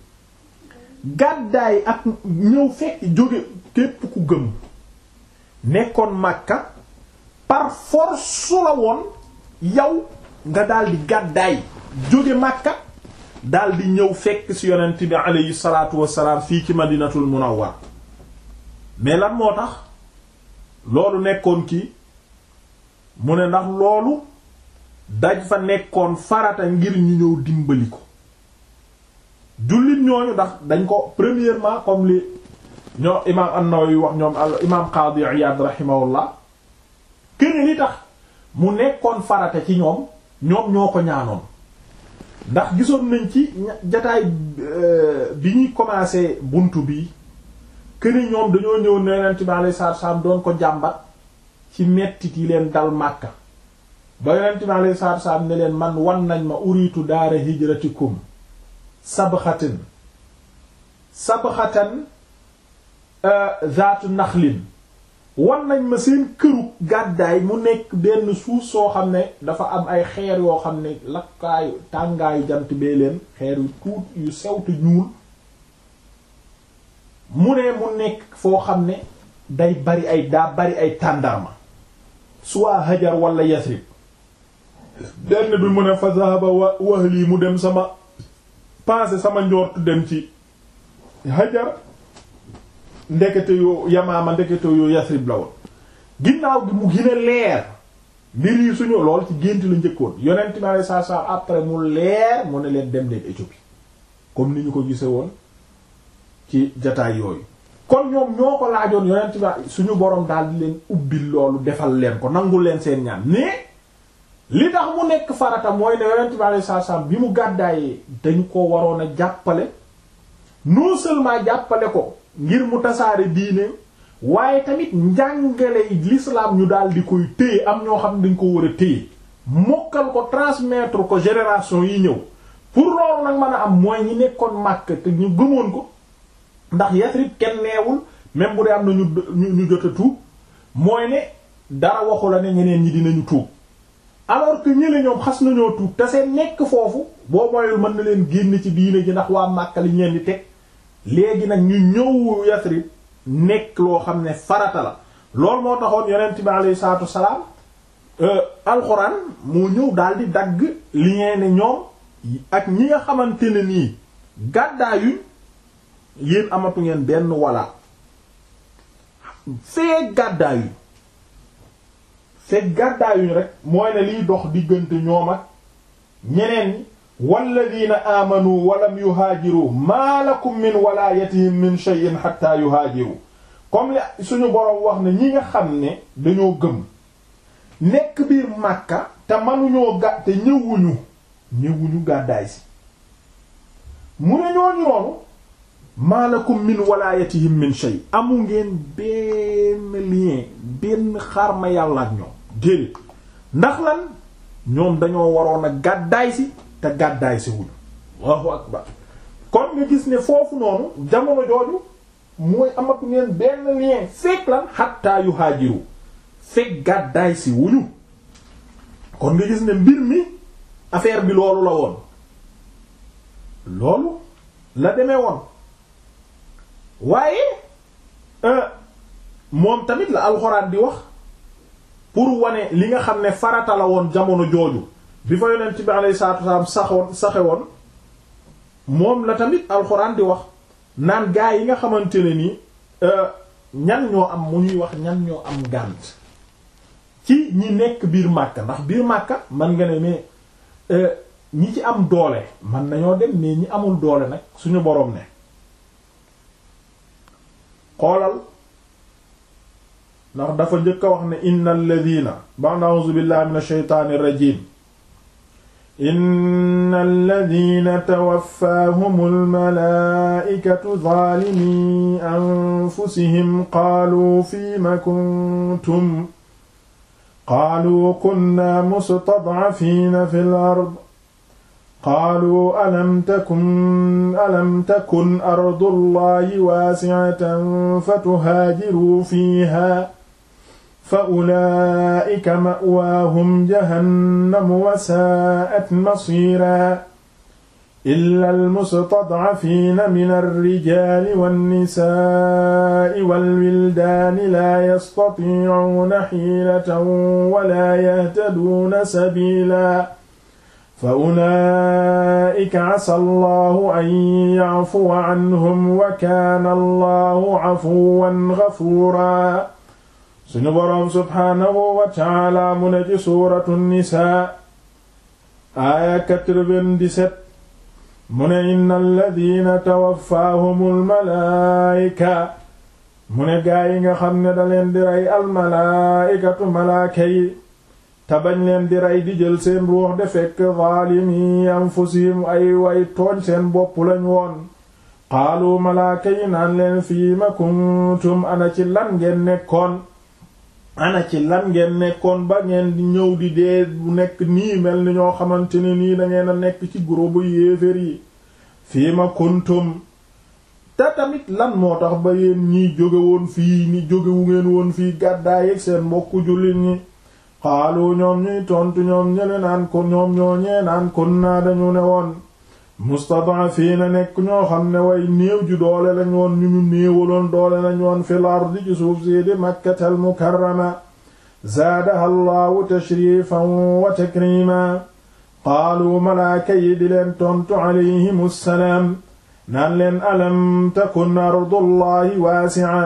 gàddaay ak ñëw fekk jóge képp ku gëm nekkoon Makka par force la woon yow nga daal di gàddaay jóge Makka daal ñëw fekk ci yonent bi aleyhi salaatu wassalaam fii ci madinatul munawwar mais moo tax loolu nekkoon kii mu ne ndax loolu daj fa nekkoon farata ngir ñu ñëw dimbali ko jullit ñooñu ndax dañ ko premièrement comme li ñoo imaam an-Nawawi wax ñoom imaam Qaadi Iyaad rahimahullah kene li tax mu nekkoon farata ci ñoom ñoom ñoo ko ñaanoon ndax gisoon nañ ci jataay euh, bi ñuy commencé bunt bi këni ñoom dañoo ñëw ne yonent bi alayhi salaatu salaam doon ko jàmbat ci mettit yi leen dal Màkka ba yonent bi alayhi salaatu salaam ne leen man wan nañ ma uriitu daara hijratikum sabxatan sabxatan euh, zaatu naxlin wan nañ ma seen këru gàddaay mu nekk benn suuf soo xam ne dafa am ay xeer yoo xam ne lakkaayu tàngaayu jant bee leen xeer yu tuut yu sew ñuul mu ne mu nekk foo xam ne day bari ay daa ay tàndarma soit Hajar wala Yasrib benn bi mu ne fa zahaba wa wahli mu dem sama passé sama njoortu dem ci Hajar ndekete yoo Yamaama ndekete yoo Yasrib la woon ginnaaw gi mu gën leer mbir yi suñu lool ci gént la njëkkoon yonent bi alayhi salaatu après mu leer mu ne leen dem leen Éthiopie comme ni ñu ko gise woon ci jataay yooyu kon ñoom ñoo ko laajoon yonent bi suñu boroom daal di leen ubbil loolu defal leen ko nangu leen seen ñaan mais li tax mu nekk farata mooy ne yonent bi alayhi salaatu bi mu gàddaay dañu ko waroon a jàppale non seulement jàppale ko ngir mu tasaare diine waaye tamit njàngale l'islam ñu daal di koy téye am ñoo xam ne dañ ko war a téye mokkal ko transmettre ko génération yi ñëw pour loolu nag mën a am mooy ñi nekkoon màkk te ñu gëmoon ko ndax Yasrib kenn neewul même bu dee am na ñu ñu jot a tuub mooy ne dara waxu la ne ñeneen ñi dinañu tuub alors que ñële ñoom xas nañoo tuub te seen nekk foofu boo moyul mën na leen génn ci diine ji ndax waa màkk li ñeen di teg léegi nag ñu ñëw Yasrib nekk loo xam ne farata la lool moo taxoon yeneen yonent bi alayhi salaatu wasalaam euh, alxuraan moo ñëw daal di dagg lien ne ñoom ak ñi nga xamante ne nii gàddaayuñ yéen amatu ngeen benn walla fee gàddaayuñ fee gàddaayuñ rek mooy ne liy dox diggante ñoom ak ñeneen ñi walladina amanu walam yuhaajiru maa lakum min walaayatihim min shay'in hatta yuhaajiru comme li suñu boroom wax na ñi nga xam ne dañoo gëm nekk biir Makka te manuñoo ga ñëwuñu ñëwuñu gàddaay si mu ne ñooñu noonu maa lakum min walaayatihim min shay amu ngeen benn lien benn xarma yàlla ak ñoom déedéet ndax lan ñoom dañoo waroon a gàddaay si te gàddaay si wuñu Allahu akbar kon nga gis ne foofu noonu jamono jooju mooy amatu neen benn lien fekk lan xattaa yu haajiru fekk gàddaay si wuñu kon nga gis ne mbir mi affaire bi loolu la woon loolu la deme woon waaye euh, moom tamit la alxuraan di wax pour wane li nga xam ne farata la woon jamono jooju bi fa yonent bi alayhi salaatu wasalaam saxoon saxewoon moom la tamit alxuraan di wax naan gaa yi nga xamante ne ni euh, ñan ñoo am mu ñuy wax ñan ñoo am gànt ci ñi nekk biir Màkka ndax biir Màkka man nga ne mais euh, ñi ci am doole man nañoo dem mais ñi amul doole nag suñu boroom ne xoolal ndax dafa njëkk a wax ne inna alladina ba'da a'udhu billahi minash shaytanir rajim inna alladina tawaffaahum almalaikatu zaalimi anfusihim qaaluu fiima kuntum qaaluu kunna mustadcafiina fi lard qaaluu alam takun alam takun ardullahi waasicatan fatuhaajiruu fiiha fa ulaa'ika ma'waahum jahannamu wa saa'at masiiraa illa almustadcafiina min alrijaali wannisaa'i walwildaani laa yastatiicuuna xiilatan walaa yahtaduuna sabiilaa fa ulaa'ika casaa allahu an yacfuwa canhum wa kaana allahu cafuwan gafuuraa suñu boroom subhaanahu wa taala mu ne ci suuratu nisaa aaya 97 mu ne inna alladina tawaffaahumul malaayika mu ne gaa yi nga xam ne da leen di rey almalaaykatu malaaka yi leen di rey di jël seen ruux de fekk zaalimi anfusihim ay way tooñ seen bopp lañ woon qaalu malaaka yi naan leen fiima kuntum ana ci lan ngeen nekkoon ana ci lan ngeen nekkoon ba ngeen di ñëw di dee bu nekk nii mel ni ñoo xamante ne nii dangeen ngeen a nekk ci groupe yéeféer yi fii ma kuntum te tamit lan moo tax ba yéen ñii jógewoon fii ni jógewu ngeen woon fii gàddaay ak seen mbokku jullit ñi xaalu ñoom ñuy tontu ñoom ñële ko ñoom ñoo ñee kon naa dañu ne woon mustad'afiina nekk ñoo xam ne way néew ju doole lañ woon ñu ñu néewaloon doole lañ woon fil ardi ci suuf si di makkatal mukarrama zaadaha llaahu tashrifan wa takrima qaalu malaaka yi di leen tontu alayhim assalaam naan leen alam takun ardullahi waasi'a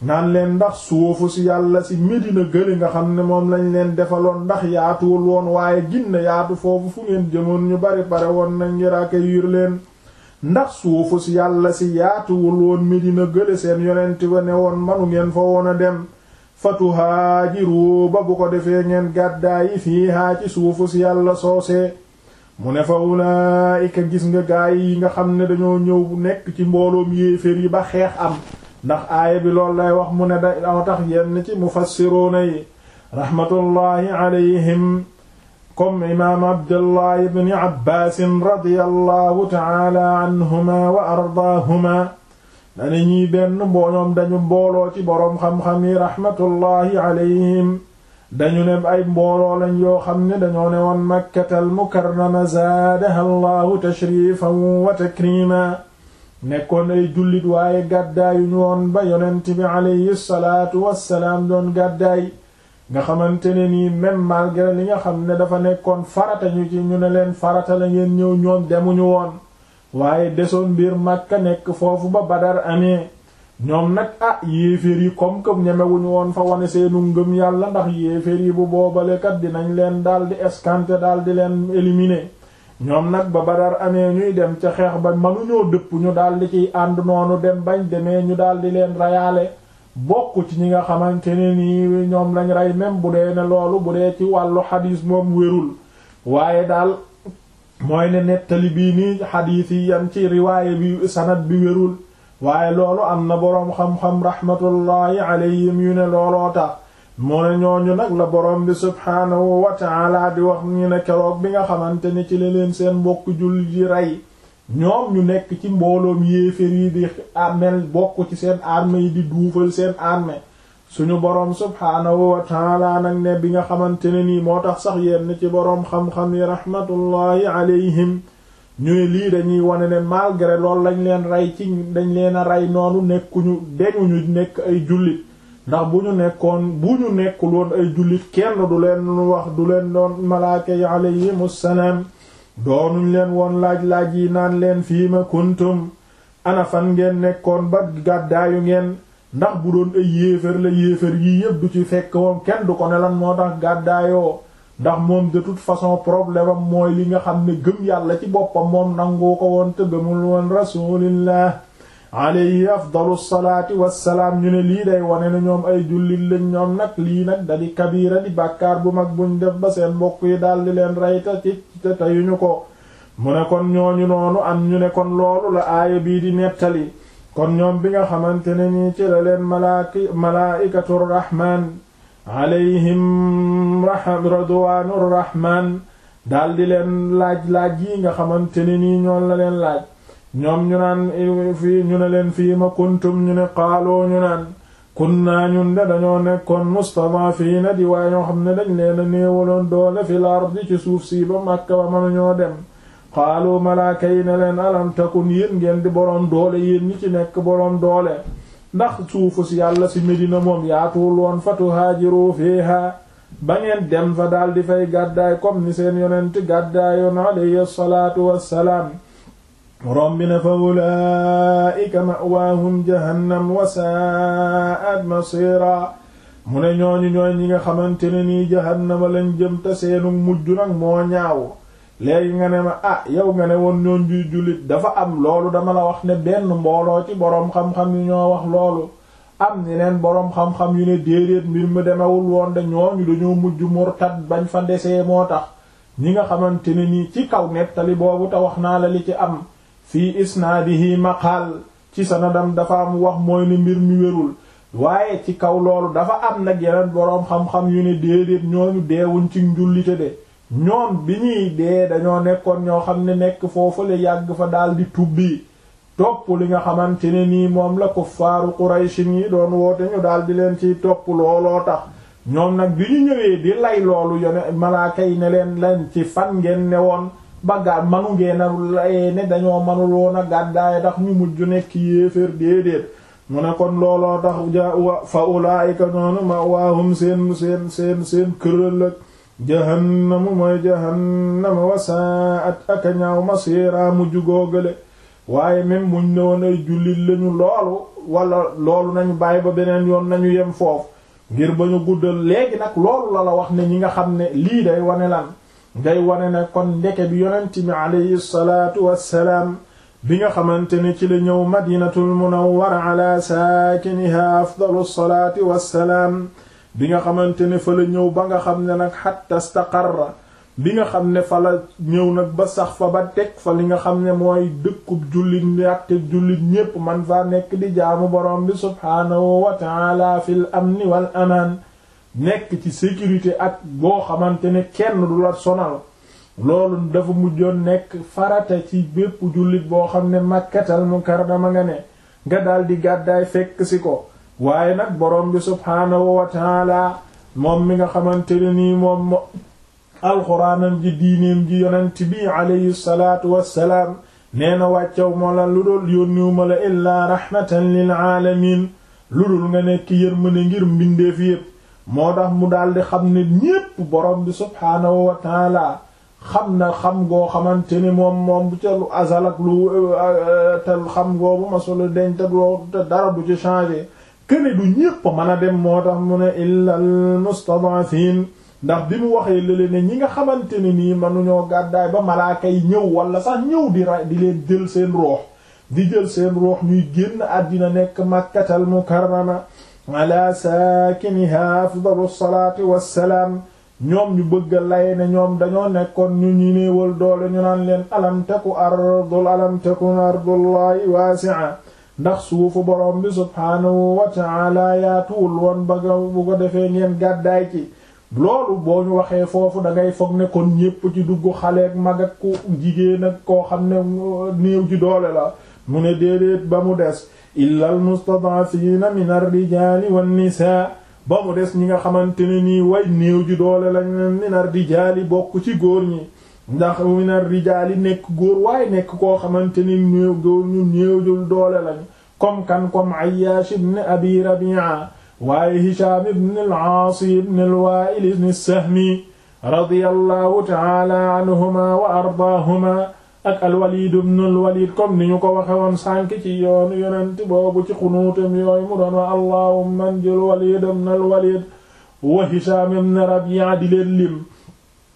naan leen ndax suufu si yàlla si Medina gële nga xam ne moom lañ leen defaloon ndax yaatuwul woon waaye ginne yaatu foofu fu ñu bari pare woon na ngir accueillir leen ndax suufu si si yaatuwul woon Medina gële seen yonent ba ne woon manu ngeen fa woon a dem fatuhaajiru ba ko defee ngeen gàddaayi fiihaa ci suufu mu ne fa gis nga gaay yi nga xam ne dañoo ñëw bu nekk ci mbooloom yéeféer yi ba xeex am ndax aaya bi loolu lay wax mu ne da aw tax yenn ci mufassiruuna yi raxmatullaahi alayhim comme imaam abdullah ibni abbaasin radiyallahu taala anhuma wa ardaahuma dane ñiy benn mbooñoom dañu mbooloo ci boroom xam-xam yi raxmatullaahi alayhim dañu ne ay mbooloo lañ yoo xam ne dañoo ne woon makkatal mukarrama zaadaha allahu tashrifan wa takrima nekkoon ay jullit waaye gàddaayu woon ba yonent bi aleyhi wassalaam doon gàddaay nga xamante ne nii même malgré li nga xam ne dafa nekkoon farata ñu ci ñu ne leen farata la ngeen ñëw ñoom demuñu woon waaye desoon biir Makka nekk foofu ba Badar amee ñoom nag ah yéeféer yi comme que ñemewuñu woon fa wane seenu ngëm yàlla ndax yéeféer yi bu boobalekat dinañ leen daldi escanter daldi leen éliminer ñoom nag ba Badar amee ñuy dem ca xeex ba mënuñoo dëpp ñu daldi ciy ànd noonu dem bañ demee ñu daldi leen rayaale bokk ci ñi nga xamante ne nii ñoom lañ rey même bu dee ne loolu bu dee ci wàllu xadiis moom wérul waaye daal mooy ne nettali bii nii xadiis yi yam ci riwaaye bi sanad bi wérul waaye loolu am na boroom xam-xam rahmatullahi alayhim yu ne looloo tax moo ne ñooñu nag la borom bi subhaanahu wa di wax ñu ne keroog bi nga xamante ni ci la leen seen mbokk jullit yi rey ñoom ñu nekk ci mbooloom yéefér yi di ameel bokk ci seen armée yi di duufal seen arme suñu boroom subhaanahu wa ta'ala nag ne bi nga xamante ne nii moo tax sax yenn ci boroom xam-xam yi rahmatullahi alayhim ñu ne lii dañuy wane ne malgré lool lañ leen rey ci dañ leen a rey noonu nekkuñu deñuñu nekk ay jullit ndax bu ñu nekkoon bu ñu nekkul woon ay jullit kenn du leen wax du leen doon malaaka yi alayhimu salaam leen woon laaj-laaj yi naan leen fii ma kuntum ana ngeen nekkoon ba gàddaayu ngeen ndax bu doon ay yéefar la yéefar yii yépp du ci fekk moom kenn du ko ne lan moo tax gàddaayoo ndax moom de façon problème am mooy li nga xam ne gëm yàlla ci boppam moom nangu ko woon te gëmul woon rasulillah alayhi afdalu salaati wassalaam ñu ne lii day wane ne ñoom ay jullit lañ ñoom nag lii nag dadi kabiira di bàkkaar bu mag buñ dem ba seen mbokk yi daldi leen reyta ci te teyuñu ko mu ne kon ñooñu noonu am ñu ne kon loolu la aaya bii di nettali kon ñoom bi nga xamante ne nii ci la leen malaaki malaaikatu rahmaan alayhim radwaanu rahmaan daldi leen laaj laaj yi nga xamante ni nii ñoo la leen laaj ñoom ñu naan eh, fii ñu ne leen fii ma kuntum ñu ne xaaloo ñu naan kun naa ñun de dañoo nekkoon mustadafiina di waaye ñoo xam ne dañu leen a néewaloon doole fil ardi ci suuf si ba màkka ba mënuñoo dem xaalu malaaka yi ne leen alam takun yéen ngeen di boroom doole yéen ñi ci nekk boroom doole ndax suufu si yàlla si Medina moom yaatuwul woon fatu haajiru fiiha ba ngeen dem fa daal di fay gàddaay comme ni seen yonent gàddaayoon alayhi salaatu wassalaam borom bi ne fa ulaika mawaahum jahannam wa saa'at masira mu ne ñooñu ñooy ñi nga xamante ne nii jahannama lañ jëm te seenu mujj nag moo ñaaw léegi nga ne ma ah yow nga ne woon ñoon juy jullit dafa am loolu dama la wax ne benn mbooloo ci borom xam-xam yu ñoo wax loolu am ni leen boroom xam-xam yu ne déedéet mbir mu demewul woon de ñooñu dañoo mujj murtad bañ fa desee moo tax ñi nga xamante ne nii ci kaw nettali boobu te wax naa la li ci am fii ma maqaal ci sanadam dafa am wax mooy ne mbir mi wérul waaye ci kaw loolu dafa am nag yeneen boroom xam-xam yu ne déedéet ñooñu deewuñ ci njullite de ñoom bi ñuy dee dañoo nekkoon ñoo xam ne nekk foofu la yàgg fa daldi tubbi topp li nga xamante ne nii moom la ko kuffaaru Qurayshin yi doon woote ñu daldi leen ci topp looloo tax ñoom nag bi ñu ñëwee di lay loolu yone malaaka yi ne leen leen ci fan ngeen ne woon ba gaa manu ngeenaru layee ne dañoo manul woon a gàddaay tax ñu mujj nekk yéeféer déedéet mu ne kon looloo tax ja wa fa ulaayika noonu ma waahum seen seen seen seen këralëg jahannamu mooy jahannama wasaat ak a ñaaw masiira mujj googale waaye même muñ ne woon ay jullit lañu loolu wala loolu nañu bàyyi ba beneen yoon nañu yem foofu ngir ba ñu guddal léegi nag loolu la la wax ne ñi nga xam ne lii day wane lan ngay wane ne kon ndeke bi yonent bi wa salaatu wassalaam bi nga xamante ne ci la ñëw madinatul munawwara ala saakiniha afdalu salaati wassalaam bi nga xamante ne fa la ñëw ba nga xam ne nag xatta staqarra bi nga xam ne fa la ñëw nag ba sax fa fa li nga xam ne mooy dëkkub jullit bi ak te jullit ñépp man faa nekk di jaamu borom bi subhaanahu wa taala fil amni wal amaan nekk ci sécurité ak boo xamante ne kenn du la sonal loolu dafa mujjoon nekk farata ci bépp jullit boo xam ne Makkatal Mukarrama nga ne nga daldi gàddaay fekk si ko waaye nag borom bi subhaanahu wa moom mi nga xamante ne nii moom alxuraanam ji diineem ji yonent bi alayhi salaatu wassalaam nee na wàccaw moo la lu dul yónniwuma la illaa rahmatan lil aalamiin lu dul nga nekk yërmande ngir mbindeef yépp moo tax mu di xam ne ñépp borom bi subhaanahu wa taala xam na xam ngoo xamante ni moom moom bu ca lu azal ak lu euh, tel xam ngoo bu ma solo denc te dara du ci changé këne du ñépp mën a dem moo tax mu ne illal mustad'afin ndax bi mu waxee lële ne ñi nga xamante ne nii mënuñoo gàddaay ba malaaka kay ñëw wala sax ñëw di ra di leen jël seen roox di jël seen roox ñuy génn àddina nekk makkatal mukarrama ala saakiniha afdalu salaati wassalaam ñoom ñu bëgg a lay ne ñoom dañoo nekkoon ñu ñu néewal doole ñu naan leen alam taku ardul alam takun ardullahi waasi'a ndax suufu borom bi subhaanahu wa ta'ala yaatuwul woon ba bu ko defee ngeen gàddaay ci loolu boo ñu waxee foofu da ngay foog nekkoon kon ñépp ci dugg xale ak mag ak ku jigéen koo xam ne néew ji doole la mu ne déedéet ba mu des illa almustadaafiina min arrijaali wannisaa ba mu des ñi nga xamante ne nii way néew ji doole lañ leen min arrijaali bokk ci góor ñi ndax min arrijaali nekk góor waaye nekk koo xamante ni néew góor ñu néew ju doole lañ comme kan comme Ayyaash ibn Abi Rabi'a waaye Hishaam ibn al-Aas ibn al-Waa'il ibn as-Sahmi radiyallahu ta'ala anhumaa wa ardaahumaa ak al-Walid ibn al-Walid comme ni ñu ko waxe woon sànk ci yoonu yonent boobu ci xunuutam yooyu mu doon wa allahumma anjil Walid ibn al-Walid wa Hisham ibn Rabi'a di leen lim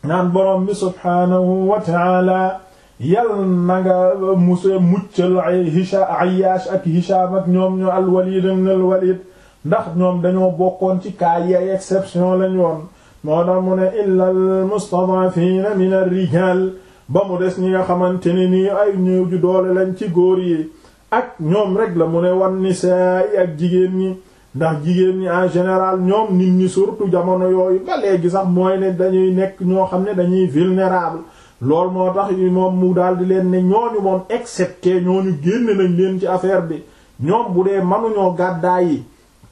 naan boroom bi subhaanahu wa ta'ala yal na nga muse muccal Hisha Ayyash ak Hisham ak ñoom ñu al-Walid ibn al-Walid ndax ñoom dañoo bokkoon ci kaay yi ay exception lañ woon moo tax mu ne illa al-mustad'afina min ar-rijal ba mu des ñi nga xamante ni nii ay ñëw ju doole lañ ci góor yi ak ñoom rek la mu ne wan nisaa ak jigéen ñi ndax jigéen ñi en général ñoom nit ñi surtout jamono yooyu ba léegi sax mooy ne dañuy nekk ñoo xam ne dañuy vulnérable loolu moo tax moom mu daal di leen ne ñooñu moom excepté ñooñu génn nañ leen ci affaire bi ñoom bu dee manuñoo gàddaay yi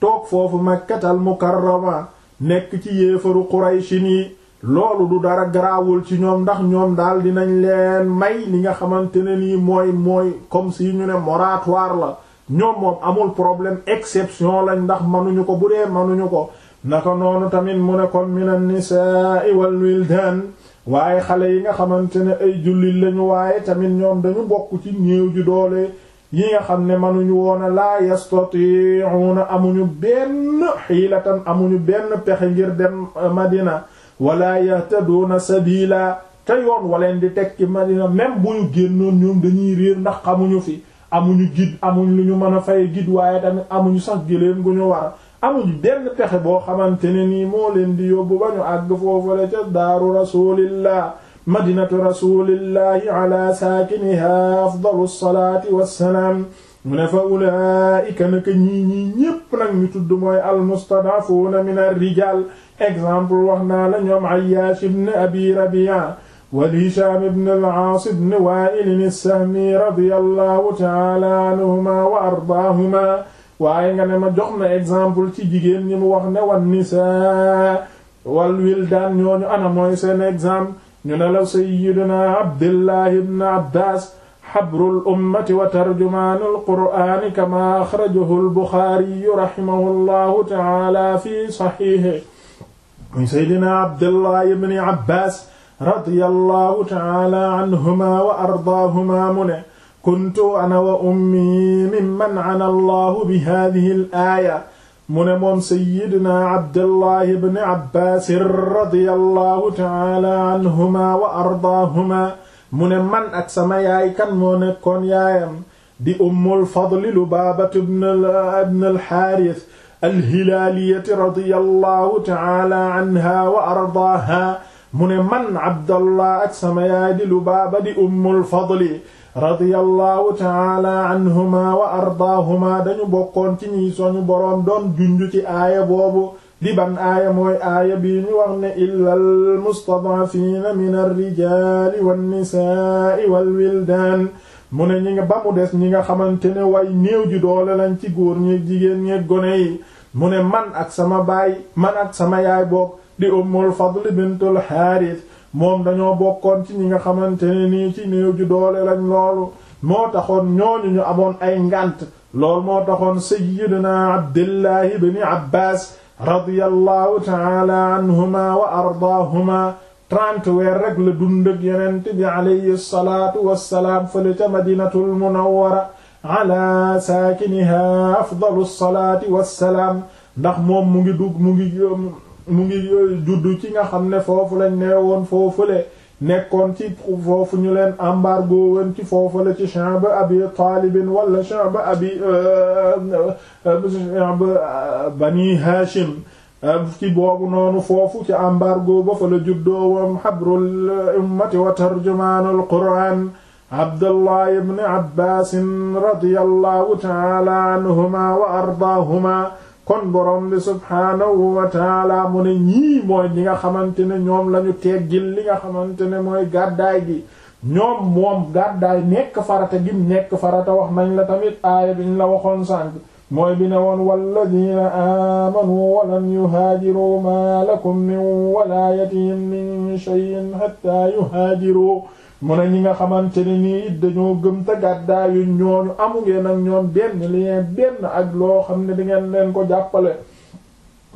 toog foofu makkatal mukarrama nekk ci yéefaru Quraysh yi loolu du dara garaawul ci ñoom ndax ñoom daal dinañ leen may li nga xamante ne nii mooy mooy comme si ñu ne moratoire la ñoom moom amul problème exception lañ ndax mënuñu ko bu dee mënuñu ko naka noonu tamit mu ne kon mina nisaa'i wal wildaan waaye xale yi nga xamante ne ay jullit lañu waaye tamit ñoom dañu bokk ci néew ju doole yi nga xam ne mënuñu woon a laa yastati'una amuñu benn xiilatan amuñu benn pexe ngir dem eh, Madina wala yahtaduuna sabila te yoon waleen di tekki madina même bu ñu génnoon ñoom dañuy réer ndax xamuñu fi amuñu gid amuñ lu ñu mën a faye gid waaye tamit amuñu sax géléen gu ñu war amuñ benn pexe boo xamante ne nii moo leen di yóbbu ba ñu àgg foofale ca daaru rasulillah madinatu rasulillahi ala saakiniha afdalu lsalaati wassalaam mu ne fa ulaika naka ñii ñii ñépp nag ñu tudd mooy almustadafuuna min ar rijal exemple wax naa la ñoom Ayyaash ibn Abi Rabi'a wal Hishaam ibn al-Aas ibn Waa'il as-Sahmi radiyallahu ta'ala anhumaa wa ardaahumaa waaye nga ne ma jox na exemple ci jigéen ñi mu wax ne wan nisaa wal wildaan ñooñu ana mooy seen exemple ñu ne la sayyiduna Abdullahi ibn Abbaas xabrul ummati wa tarjumaanul qur'aani kamaa axrajahu al-Buxaari rahimahu llahu ta'ala fi saxiixihi muy seydina abdullah ibni abbas radiyallahu taala anhuma wa ardaahuma mu ne kuntu ana wa ummi mimman ana allahu bi hadihi al aaya mu ne moom seydina abdullah ibni abbas radiyallahu taala anhuma wa ardaahuma mu ne man ak sama yaay kan moo nekkoon yaayam di ummul fadli lubaabatu ibn al xaaris alhilaaliyati radiyallahu taala anha wa ardaaha mu ne man abdallah ak sama yaay di Lubaaba di ummul fadli radiyallahu taala anhuma wa ardaahuma dañu bokkoon ci ñi soñu boroom doon junj ci aaya boobu di ban aaya mooy aaya bii ñu wax ne illa almustadaafiina min alrijali wannisaai walwildaan mu ne ñi nga ba mu des ñi nga xamante ne way néew ji doole lañ ci góor ñeeg jigéen ñeeg gone yi mu ne man ak sama baay man ak sama yaay bokk di ummul fadl bintul xaaris moom dañoo bokkoon ci ñi nga xamante ne nii ci néew ju doole lañ lool moo taxoon ñooñu ñu amoon ay ngànt lool moo taxoon sayyidina abdillahi bni abbas radiyallahu taala anhuma wa ardaahuma trente weer rek la dund ak yonent bi alayhi salaatu wassalaam fële ca madinatul munawwara ala saakiniha afdalu salaati wassalaam ndax moom mu ngi dugg mu ngi mu ngi judd ci nga xam ne foofu lañ nee woon foofule nekkoon ci foofu ñu leen embargo woon ci foofu la ci chambe abi taalibin wala chambe abi chambe bani hashim ci boobu noonu foofu ci embargo ba fa la juddoo woon habrul ummati wa tarjumaanul qur'aan abdullah ibn abbaasin radiyallahu taala anhuma wa ardaahuma kon borom bi subhaanahu wa taala mu ne ñii mooy ñi nga xamante ne ñoom lañu teggil li nga xamante ne mooy gàddaay gi ñoom moom gàddaay nekk farata gim nekk farata wax nañ la tamit aaya biñ la waxoon sànq mooy bi ne woon walladina aamanu walam yuhaajiru ma lakum min walaayatihim min shay'in hatta yuhaajiru mu ne ñi nga xamante ni nii it dañoo gëm te gàddaayu ñooñu amu ngeen ak ñoom benn lien benn ak loo xam ne di leen ko jàppale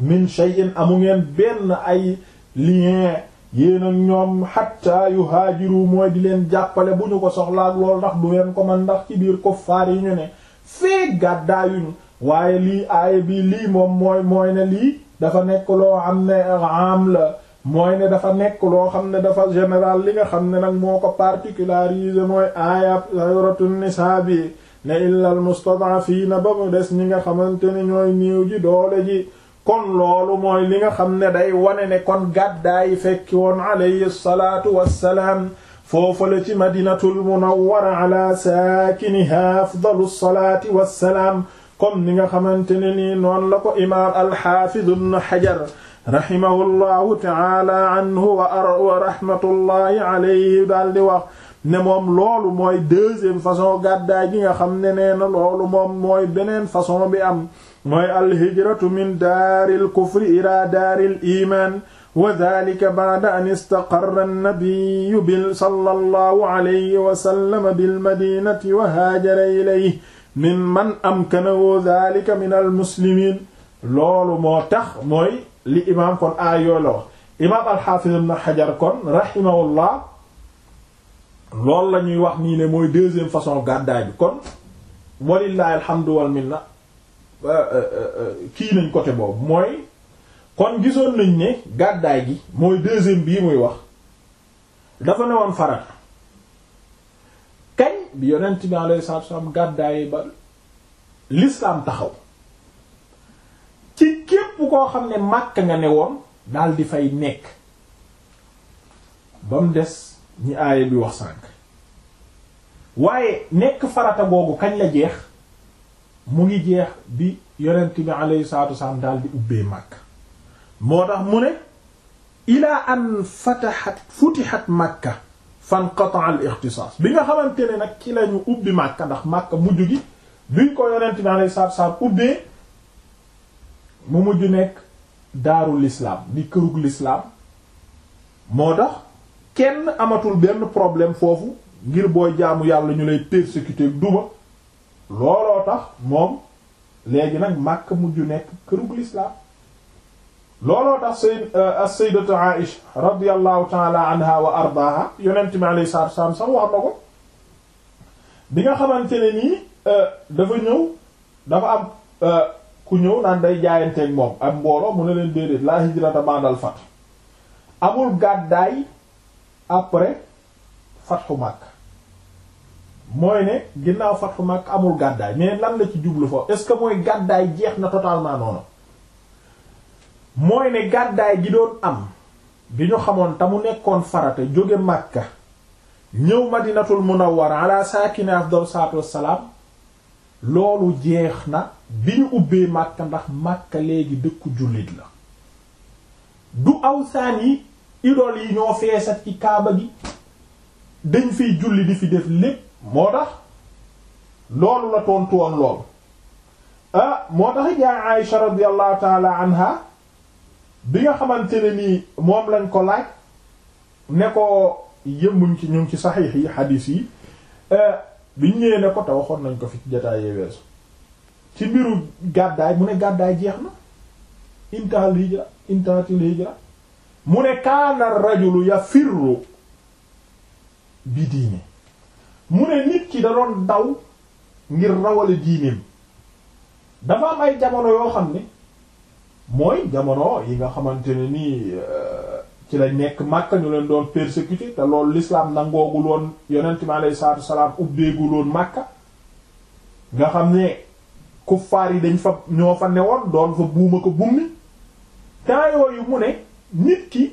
min shay'in amu ngeen benn ay lien yéen ak ñoom hatta yuhaajiru mooy di leen jàppale bu ñu ko soxlaa lool loolu ndax du ngeen ko man ndax ci biir kuffaar yi ñu ne fee gàddaayuñu waaye lii aaya bi lii moom mooy mooy ne lii dafa nekk loo xam ne am la mooy ne dafa nekk loo xam ne dafa général li nga xam ne nag moo ko particularisé mooy aayab sayratu nisaa bi ne illal mustad'afiina ba mu des ñi nga xamante ne ñooy néew ji ji kon loolu li nga xam ne day wane ne kon gàddaayi fekki woon alayhi salaatu wassalaam foofu la ci madinatul munawwara ala saakiniha afdalu salaati wassalaam comme ni nga xamante ne nii noonu la ko imaam alxaafidu ibn Hajar rahimahullahu taala anhu wa wa rahmatullahi alayhi daal di wax ne moom loolu mooy deuxième façon gàddaay gi nga xam ne nee na loolu moom mooy beneen façon bi am mooy alhijratu min daaril kufri ila daaril iman wa dalika ba'da an istaqarra an-nabiyyu bil sallallahu alayhi wa sallam bil madinati wa haajara ilayhi min man amkanahu dalika min al muslimin loolu moo tax mooy li imaam kon aay yooyu la wax imaam alxaafiz ibn xajar kon rahimahullah loolu la ñuy wax nii ne mooy deuxième façon gàddaay bi kon walillahi alhamdu wal minna euh, euh, euh, kii nañ côté boobu mooy kon gisoon nañ ne gàddaay gi mooy deuxième bii muy wax dafa ne woon farata kañ bi yonent bi alayhi salaatu wa gàddaay ba l'islam taxaw koo xam ne makk nga ne woon daal di fay nekk ba mu des ñi aaya bi wax sànk waaye nekk farata googu kañ la jeex mu ngi jeex bi yonent bi alayhi salaatu wasalaam daal di ubbee Makka moo tax mu ne ilaa an fatahat futihat Makka fanqata al ixtisaas bi nga xamante ne nag ci lañu ubbi Makka ndax Makka mujj gi duñ ko yonent bi alayhi salaatu wasalaam ubbee mu mujj nekk daaru lislaam di kërug lislaam moo tax kenn amatul benn problème foofu ngir booy jaamu yàlla ñu lay persécuter duma looloo tax moom léegi nag màkk mujj nekk kërug lislaam looloo tax sayyid euh, as-sayyidatu Aïsha radiyallahu ta'ala anha wa ardaaha yonent mi alayhi salaatu wa sax wax na ko bi nga xamante ne nii euh, dafa ñëw dafa am euh, ku ñëw naan day jaayanteeg moom ak mbooloo mu ne leen déedéet laa hijrata ba'dal fath amul gàddaay après fatxu Makka mooy ne ginnaaw fatxu mag amul gàddaay mais lan la ci jublu foofu est-ce que mooy gàddaay jeex na totalement noonu mooy ne gàddaay gi doon am bi ñu xamoon te mu nekkoon farata jóge Makka ñëw Madinatul Munawwara ala saakini afdal salaatu wassalaam loolu jeex na bi ñu ubbee Makka ndax Makka léegi dëkku jullit la du awsaan yi idol yi ñoo feesat ci kaaba gi dañ fiy julli di fi def lépp moo tax loolu la tontu woon loolu ah moo tax yaa Aïsha radiyallahu taala anha bi nga xamante ne nii moom lañ ko laaj ne ko yëmmuñ ci ñu ngi ci saxiix yi xadiis yi eh, bi ñu ñëwee ne ko te waxoon nañ ko fi ci jataayee weesu ci mbiru gàddaay mu ne gàddaay jeex na intaal hijra intaatil hijra mu ne kaana rajulu yafirru bi diine mu ne nit ki da doon daw ngir rawale diineem dafa am ay jamono yoo xam ne mooy jamono yi nga xamante ne nii euh, ci la nekk Makka ñu leen doon persécuté te loolu l'islam nangoogul woon yonent mi alayhi salaatu salaam ubbeegul woon Makka nga xam ne kuffaar yi dañ fa ñoo fa newoon doon fa buuma ko bummi temps yu mu ne nit ki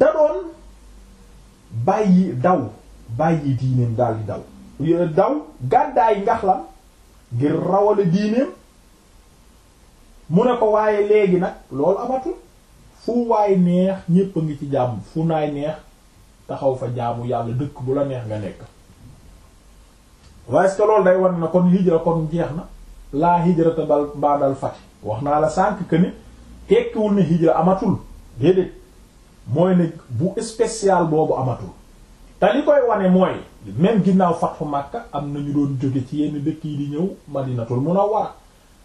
da doon bàyyi daw bàyyi diineem daal di daw euh, daw gàddaay ngax la ngir rawale diineem mu ne ko waaye léegi nag loolu amatul fu waay neex ñépp a ngi ci jàmm fu naay neex taxaw fa jaamu yàlla dëkk bu la neex nga nekk waaye est-ce que day wan na kon hijra kon jeex na laa hijrata bal ba'dal fath wax naa la sànq que ne tekkiwul ne hijra amatul déedéet mooy ne bu spécial boobu amatul te li koy wane mooy même ginnaaw fu Makka am na ñu doon jóge ci yenn dëkk yi di ñëw Madinatul Munawwara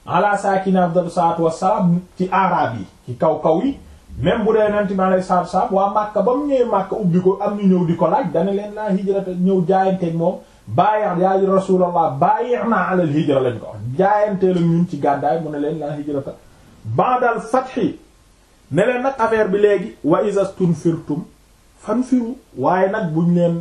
ala saakina afdalu salaatu wassalaam ci araab yi ci kaw kaw yi même bu dee nanti ma lay saab saab waa Makka ba mu ñëwee Makka ubbi ko am ñu ñëw di ko laaj dana leen laa hijrata ñëw jaayanteeg moom. baayax yaa rasulallah baayax naa alal hijra lañ ko wax jaayantee la ñun ci gàddaay mu ne leen laa hijrata ba'dal fathi ne leen nag affaire bi léegi wa izastunfirtum fanfiru waaye nag buñ leen